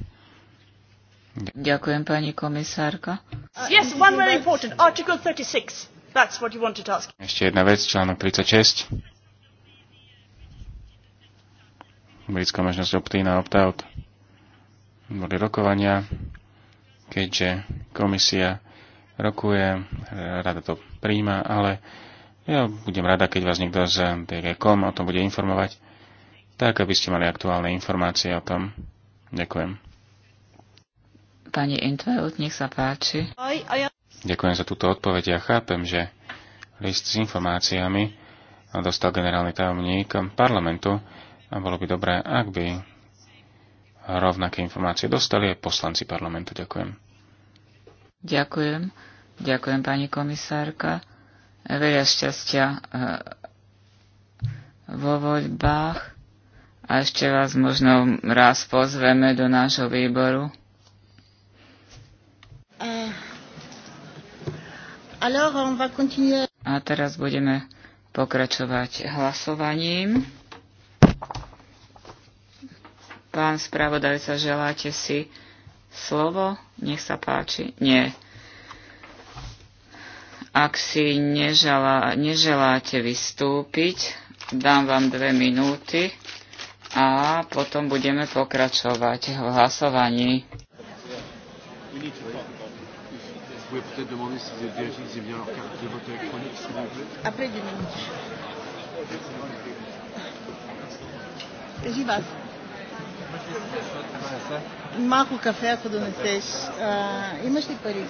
B: Ďakujem, pani komisárka. Yes, one very
A: important. Article 36. That's what you wanted to ask.
D: Ešte jedna vec, článok 36. Britská možnosť opt-in a opt-out. Boli rokovania, keďže komisia rokuje, e, rada to príjma, ale ja budem rada, keď vás niekto z DG.com o tom bude informovať, tak aby ste mali aktuálne informácie o tom. Ďakujem.
B: Pani Intveld, nech sa páči.
D: Ďakujem za túto odpoveď. Ja chápem, že list s informáciami dostal generálny tajomník parlamentu a bolo by dobré, ak by rovnaké informácie dostali aj poslanci parlamentu. Ďakujem.
B: Ďakujem. Ďakujem, pani komisárka. Veľa šťastia e, vo voľbách a ešte vás možno raz pozveme do nášho výboru. Eh, a teraz budeme pokračovať hlasovaním. Pán spravodajca, želáte si slovo? Nech sa páči. Nie. Ak si neželá, neželáte vystúpiť, dám vám dve minúty a potom budeme pokračovať v hlasovaní.
D: Vous pouvez
A: peut-être demander si vous bien leur carte de vote électronique, s'il vous plaît.
D: Après deux minutes. J'y vais. Μάκου καφέ από τον Εφές. Είμαστε Παρίσι.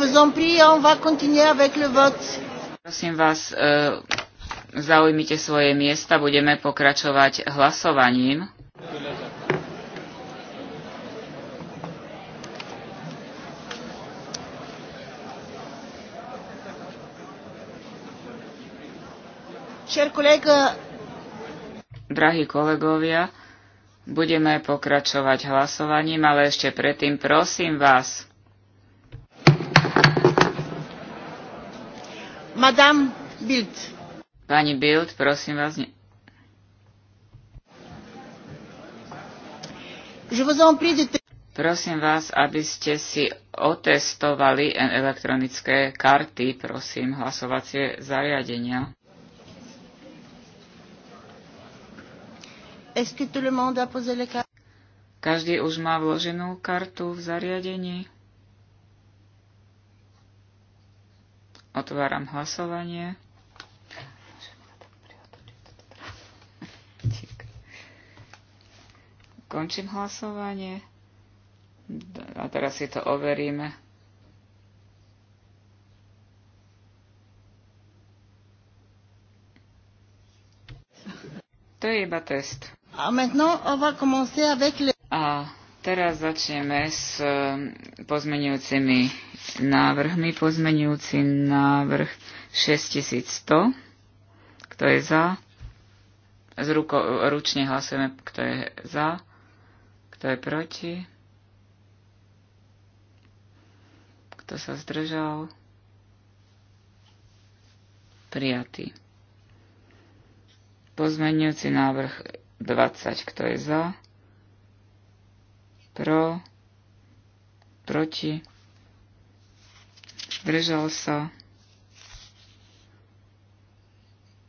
D: vous en prie, on va continuer avec le vote.
B: Prosím vás, e, zaujmite svoje miesta, budeme pokračovať hlasovaním. Drahí kolegovia, budeme pokračovať hlasovaním, ale ešte predtým prosím vás,
A: Madame Bild.
B: Pani Bild, prosím vás. Ne...
A: Je vous en prie
B: de... Prosím vás, aby ste si otestovali e- elektronické karty, prosím, hlasovacie zariadenia. Každý už má vloženú kartu v zariadení? Otváram hlasovanie. Končím hlasovanie. A teraz si to overíme. To je iba test. A teraz začneme s eh, pozmenujúcimi návrhmi. Pozmenujúci návrh 6100. Kto je za? Z ruko, ručne hlasujeme, kto je za, kto je proti. Kto sa zdržal? Prijatý. Pozmenujúci návrh 20. Kto je za? Pro? Proti? zdržal sa,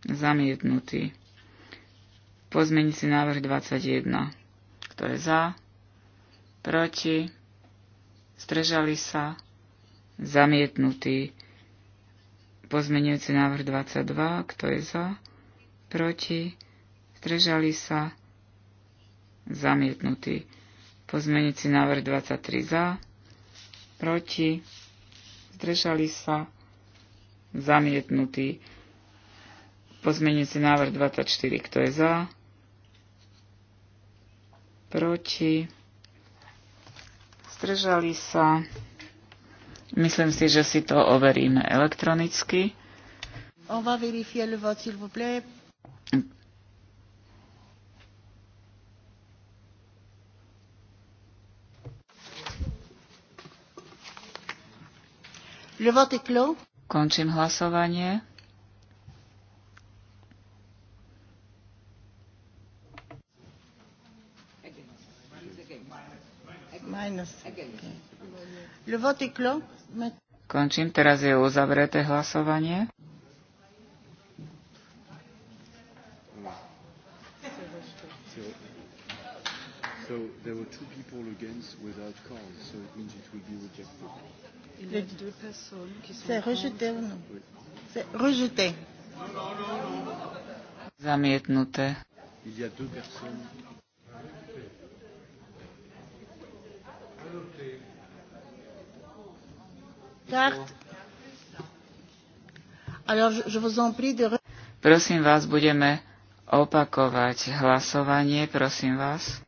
B: zamietnutý. pozmeni si návrh 21. Kto je za? Proti? Zdržali sa? Zamietnutý. Pozmenujúci návrh 22. Kto je za? Proti? Zdržali sa? Zamietnutý. Pozmenujúci návrh 23 za? Proti? zdržali sa, zamietnutý. Pozmeňujúci návrh 24, kto je za, proti, zdržali sa. Myslím si, že si to overíme elektronicky. On va vérifier le vote, s'il vous plaît. Le vote est clos. Končím hlasovanie. Minus.
D: Le vote est clos.
B: Končím, teraz je uzavreté hlasovanie.
D: So there were two people against without cause, so it means it will be rejected.
B: C'est rejeté ou non C'est rejeté. Zamietnuté. Il
A: y a deux personnes. Carte. Alors, je vous en prie de...
B: Prosím vás, budeme opakovať hlasovanie, prosím vás.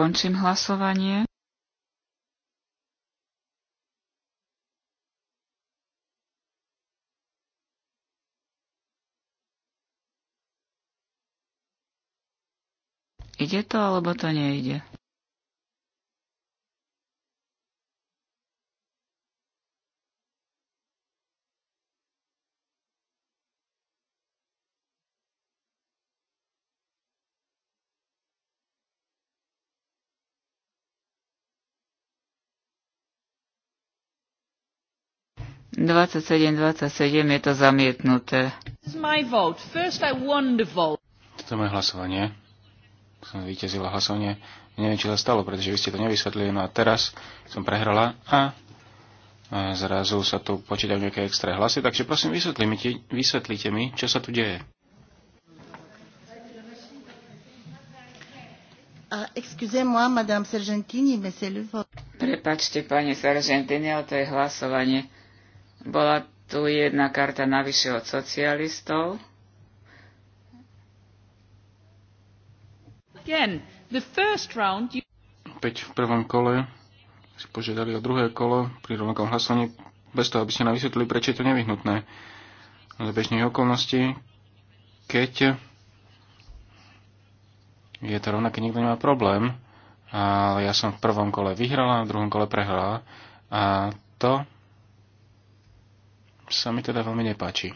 B: Končím hlasovanie. Ide to alebo to nejde? 27-27 je to
D: zamietnuté. Toto je moje hlasovanie. Som vyťazila hlasovanie. Neviem, čo sa stalo, pretože vy ste to nevysvetlili. No a teraz som prehrala a zrazu sa tu počítajú nejaké extra hlasy. Takže prosím, vysvetlite, vysvetlite mi, čo sa tu deje. Ah, Prepačte,
B: pani Sargentini, ale to je hlasovanie bola tu jedna karta navyše od socialistov. Again, the first round you...
D: Opäť v prvom kole si požiadali o druhé kolo pri rovnakom hlasovaní, bez toho, aby ste nám vysvetlili, prečo je to nevyhnutné. Za bežných okolností, keď je to rovnaké, nikto nemá problém, ale ja som v prvom kole vyhrala, v druhom kole prehrala a to sa mi teda veľmi nepáči.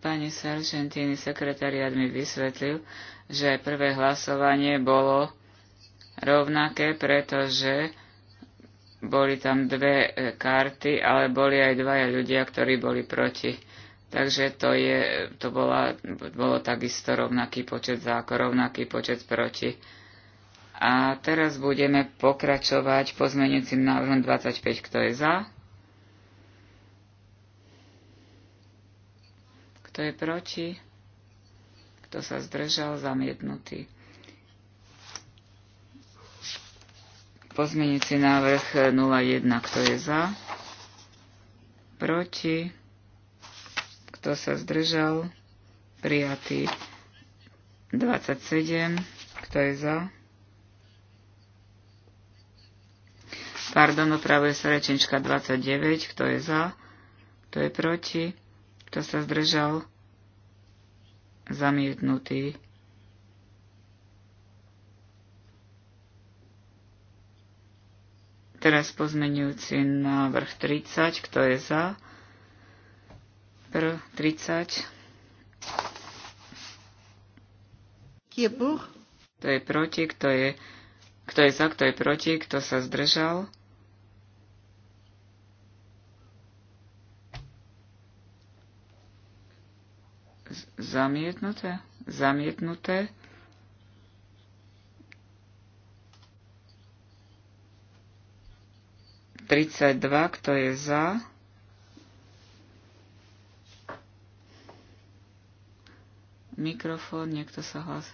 B: Pani Sargentini, sekretariat mi vysvetlil, že prvé hlasovanie bolo rovnaké, pretože boli tam dve e, karty, ale boli aj dvaja ľudia, ktorí boli proti. Takže to, je, to bola, bolo takisto rovnaký počet za ako rovnaký počet proti. A teraz budeme pokračovať pozmenujúcim návrhom 25, kto je za. Kto je proti? Kto sa zdržal? Zamietnutý. Pozmenujúci návrh 01, kto je za? Proti? Kto sa zdržal? Prijatý. 27. Kto je za? Pardon, opravuje sa rečenčka 29. Kto je za? Kto je proti? Kto sa zdržal? Zamietnutý. Teraz pozmenujúci návrh 30. Kto je za? Pr 30.
D: Kto
B: je proti, kto je, kto je za, kto je proti, kto sa zdržal. Z zamietnuté, zamietnuté. Tridsať dva, kto je za. mikrofón, niekto sa hlási.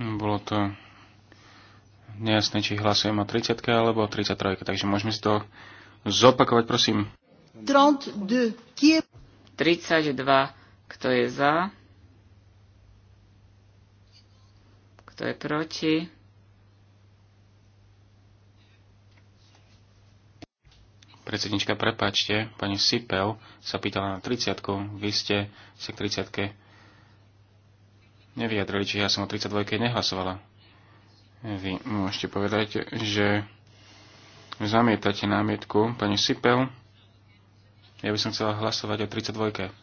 D: Bolo to nejasné, či hlasujem o 30 alebo o 33, takže môžeme si to zopakovať, prosím.
B: 32. Kto je za? Kto je proti?
D: Predsednička, prepáčte, pani Sipel sa pýtala na 30. Vy ste sa k 30. nevyjadrili, čiže ja som o 32. nehlasovala. Vy môžete povedať, že zamietate námietku pani Sipel. Ja by som chcela hlasovať o 32.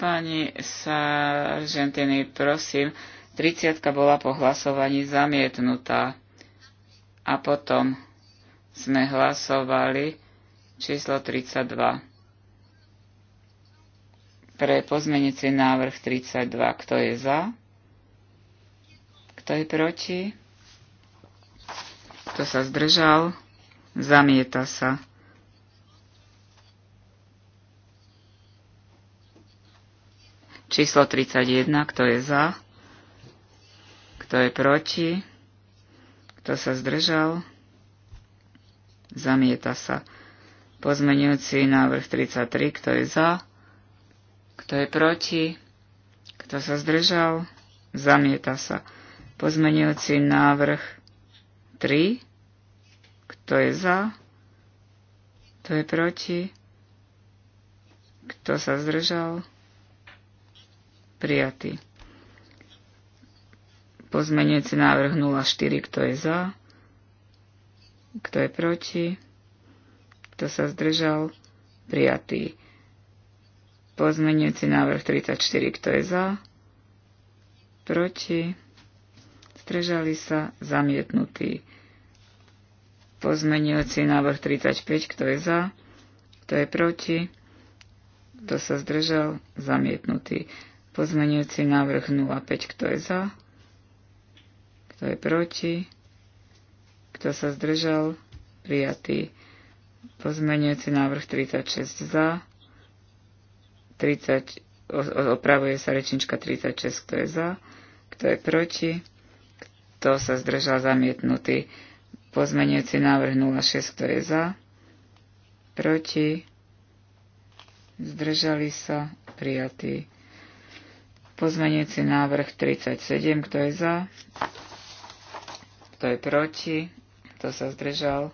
B: Pani Sargentini, prosím, 30 bola po hlasovaní zamietnutá. A potom sme hlasovali číslo 32. Pre pozmenici návrh 32. Kto je za? Kto je proti? Kto sa zdržal? Zamieta sa. Číslo 31. Kto je za? Kto je proti? Kto sa zdržal? Zamieta sa. Pozmenujúci návrh 33, kto je za, kto je proti, kto sa zdržal, zamieta sa. Pozmenujúci návrh 3, kto je za, kto je proti, kto sa zdržal, prijatý. Pozmenujúci návrh 04, kto je za, kto je proti, kto sa zdržal? Prijatý. Pozmenujúci návrh 34. Kto je za? Proti? Zdržali sa? Zamietnutý. Pozmenujúci návrh 35. Kto je za? Kto je proti? Kto sa zdržal? Zamietnutý. Pozmenujúci návrh 05. Kto je za? Kto je proti? Kto sa zdržal? Prijatý. Pozmenujúci návrh 36 za. 30, opravuje sa rečnička 36, kto je za, kto je proti, kto sa zdržal zamietnutý. Pozmenujúci návrh 06, kto je za, proti, zdržali sa, prijatý. Pozmenujúci návrh 37, kto je za, kto je proti, kto sa zdržal,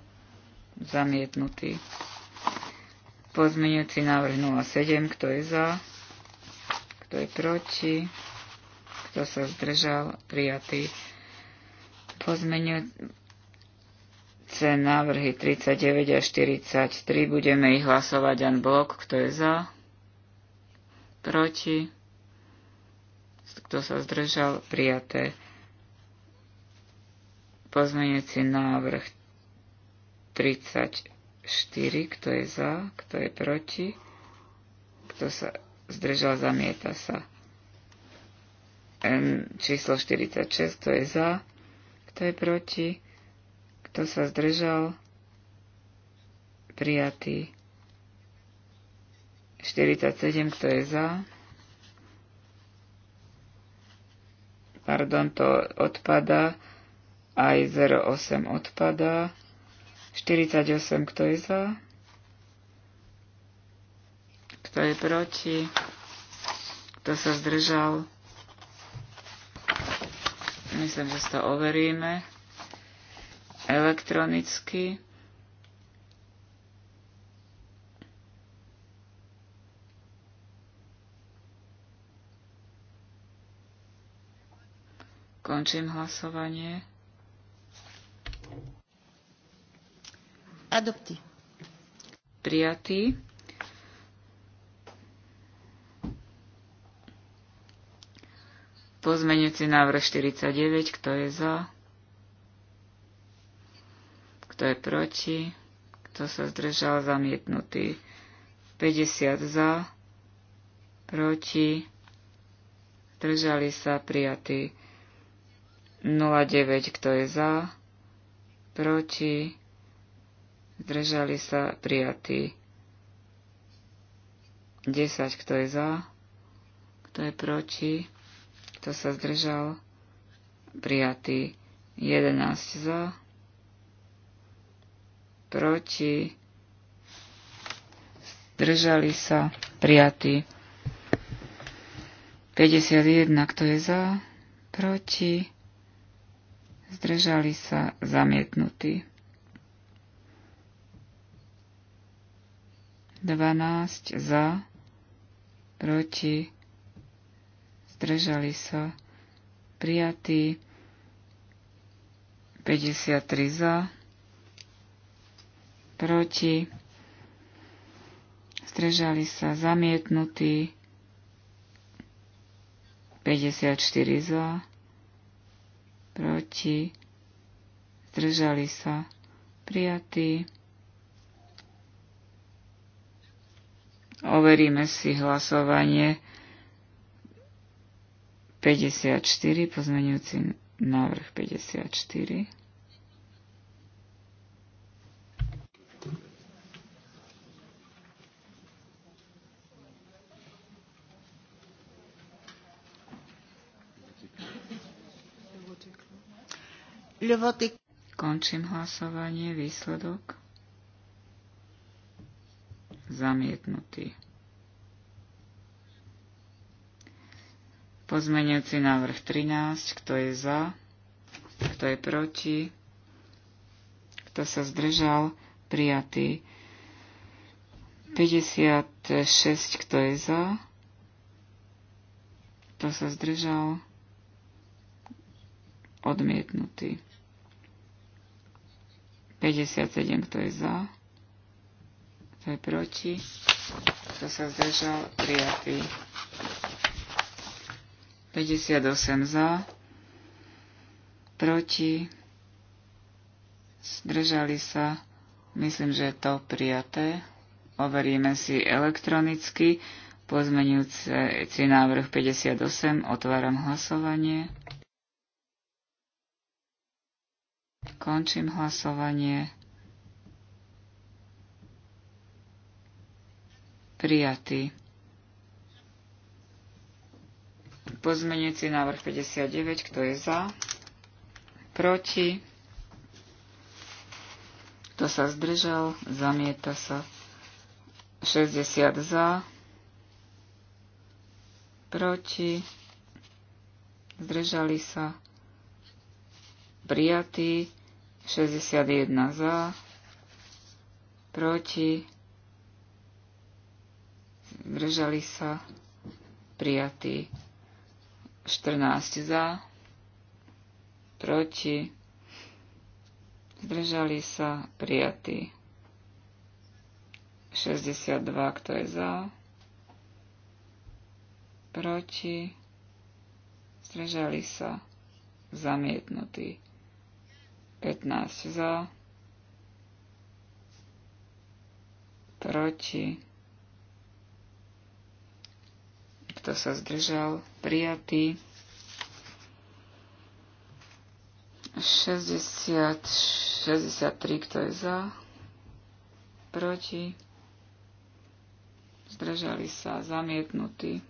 B: Zamietnutý. Pozmeňujúci návrh 07, kto je za, kto je proti, kto sa zdržal, prijatý. Pozmeňujúce návrhy 39 a 43, budeme ich hlasovať an blok, kto je za, proti, kto sa zdržal, prijaté. Pozmeňujúci návrh 34, kto je za, kto je proti, kto sa zdržal, zamieta sa. Číslo 46, kto je za, kto je proti, kto sa zdržal, prijatý. 47, kto je za, pardon, to odpada, aj 08 odpadá. 48, kto je za? Kto je proti? Kto sa zdržal? Myslím, že to overíme elektronicky. Končím hlasovanie. Adopté. Prijatý. Pozmeňujúci návrh 49, kto je za? Kto je proti? Kto sa zdržal zamietnutý? 50 za, proti, zdržali sa prijatí. 09, kto je za, proti, zdržali sa prijatí. 10, kto je za, kto je proti, kto sa zdržal, prijatý. 11 za, proti, zdržali sa, prijatí 51, kto je za, proti, zdržali sa, zamietnutí. 12 za, proti, zdržali sa, prijatí, 53 za, proti, zdržali sa, zamietnutí, 54 za, proti, zdržali sa, prijatí, Overíme si hlasovanie 54, pozmeňujúci návrh 54. Končím hlasovanie, výsledok zamietnutý. Pozmeňujúci návrh 13, kto je za, kto je proti, kto sa zdržal, prijatý. 56, kto je za, kto sa zdržal, odmietnutý. 57, kto je za, kto je proti? Kto sa zdržal? Prijatý. 58 za. Proti. Zdržali sa. Myslím, že je to prijaté. Overíme si elektronicky. Pozmenujúci návrh 58. Otváram hlasovanie. Končím hlasovanie. prijatý. Pozmenujúci návrh 59, kto je za, proti, kto sa zdržal, zamieta sa. 60 za, proti, zdržali sa, prijatý, 61 za, proti, Zdržali sa. prijatí 14 za. Proti. Zdržali sa. prijatí 62, kto je za, proti, zdržali sa, zamietnutí 15 za, proti, sa zdržal, prijatý. 60, 63, kto je za, proti, zdržali sa, zamietnutí.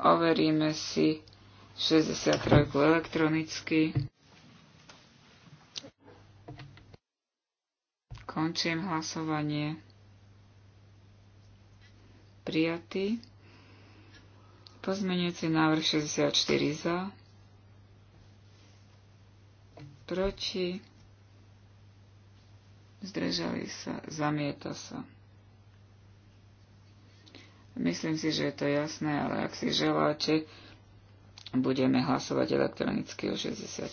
B: Overíme si 63 elektronicky. Končím hlasovanie prijatý. Pozmenujúci návrh 64 za, proti, zdržali sa, zamieta sa. Myslím si, že je to jasné, ale ak si želáte, budeme hlasovať elektronicky o 64.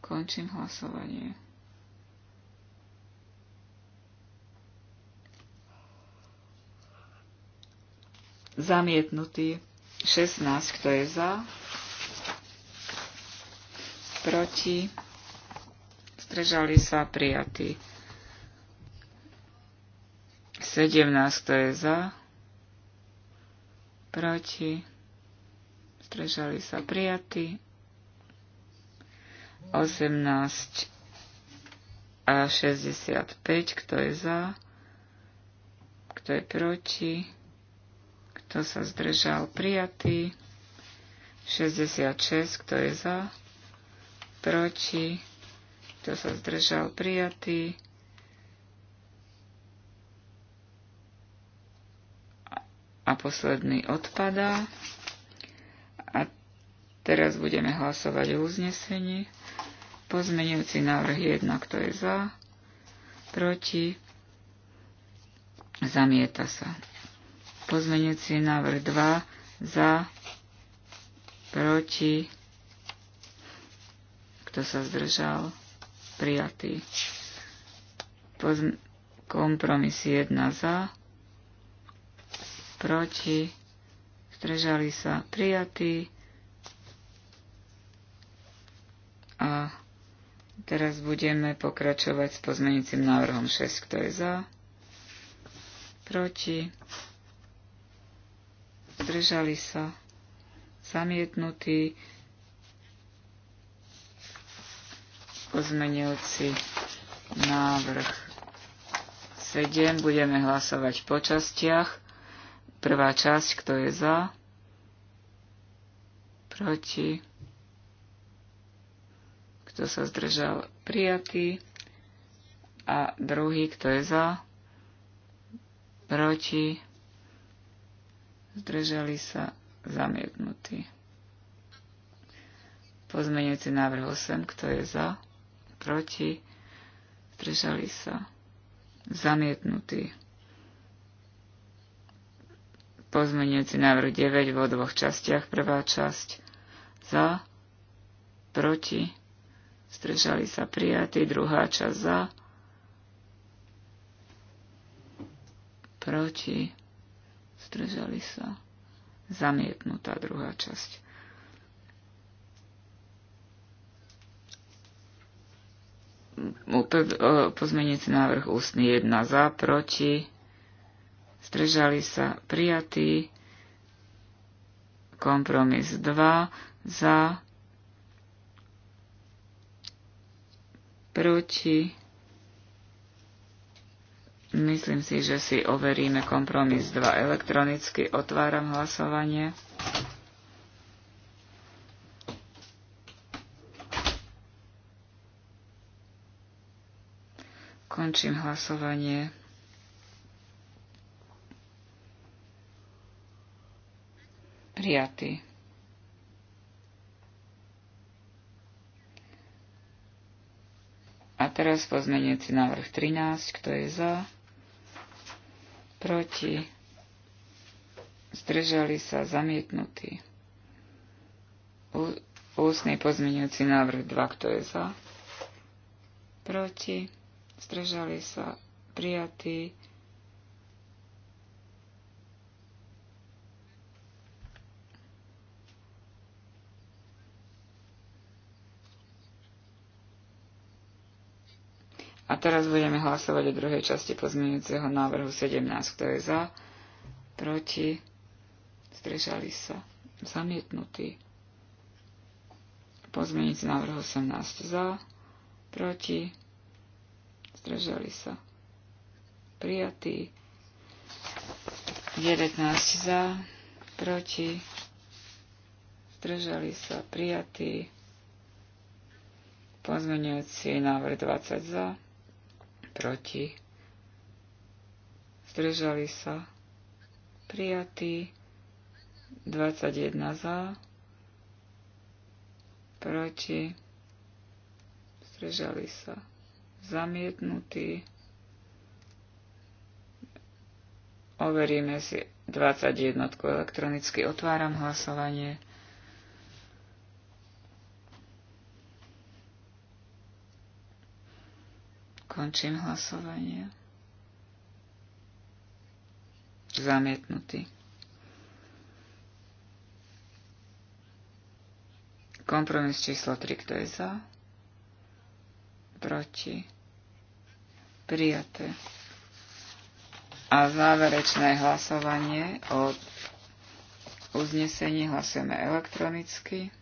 B: Končím hlasovanie. Zamietnutý. 16. Kto je za? Proti? Zdržali sa prijatí. 17. Kto je za? Proti? Zdržali sa prijatí. 18 a 65. Kto je za? Kto je proti? Kto sa zdržal? Prijatý. 66. Kto je za? Proti. Kto sa zdržal? Prijatý. A posledný odpadá. A teraz budeme hlasovať o uznesení. Pozmenujúci návrh 1. Kto je za? Proti. Zamieta sa pozmeňujúci návrh 2 za, proti, kto sa zdržal, prijatý. Pozm- kompromis 1 za, proti, zdržali sa, prijatý. A teraz budeme pokračovať s pozmenicím návrhom 6, kto je za, proti, zdržali sa, zamietnutí pozmenujúci návrh 7. Budeme hlasovať po častiach. Prvá časť, kto je za, proti, kto sa zdržal, prijatý. A druhý, kto je za, proti, zdržali sa, zamietnutí. Pozmeňujúci návrh 8, kto je za, proti, zdržali sa, zamietnutí. Pozmeňujúci návrh 9 vo dvoch častiach, prvá časť za, proti, zdržali sa prijatí, druhá časť za, proti, zdržali sa, zamietnutá druhá časť. E, Pozmeniaci návrh ústny 1 za, proti, zdržali sa, prijatý, kompromis 2 za, proti, Myslím si, že si overíme kompromis 2 elektronicky. Otváram hlasovanie. Končím hlasovanie. Prijatý. A teraz pozmeniaci návrh 13. Kto je za? proti, zdržali sa zamietnutí. Ústny pozmeňujúci návrh 2, kto je za, proti, zdržali sa prijatí. A teraz budeme hlasovať o druhej časti pozmeňujúceho návrhu 17. Kto je za? Proti? Zdržali sa? Zamietnutý. Pozmeňujúci návrh 18 za? Proti? Zdržali sa? Prijatý. 19 za? Proti? Zdržali sa? Prijatý. Pozmeňujúci návrh 20 za? proti, zdržali sa, prijatí, 21 za, proti, zdržali sa, zamietnutí, overíme si 21 elektronicky, otváram hlasovanie, Končím hlasovanie. Zamietnutý. Kompromis číslo 3, kto je za? Proti? Prijaté. A záverečné hlasovanie o uznesení hlasujeme elektronicky.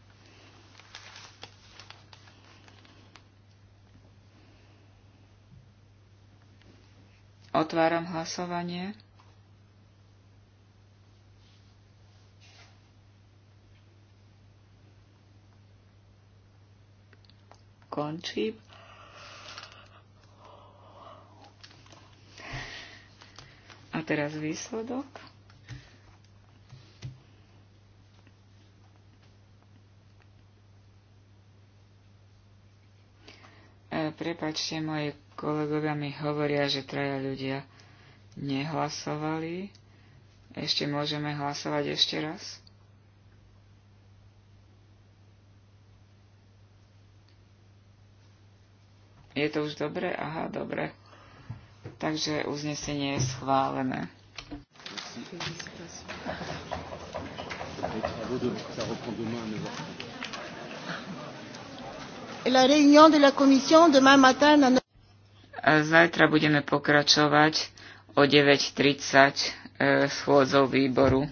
B: Otváram hlasovanie. Končím. A teraz výsledok. E, prepačte moje Kolegovia mi hovoria, že traja ľudia nehlasovali. Ešte môžeme hlasovať ešte raz? Je to už dobre? Aha, dobre. Takže uznesenie je schválené.
D: La réunion de la commission demain matin à 9h.
B: Zajtra budeme pokračovať o 9.30 e, schôdzov výboru.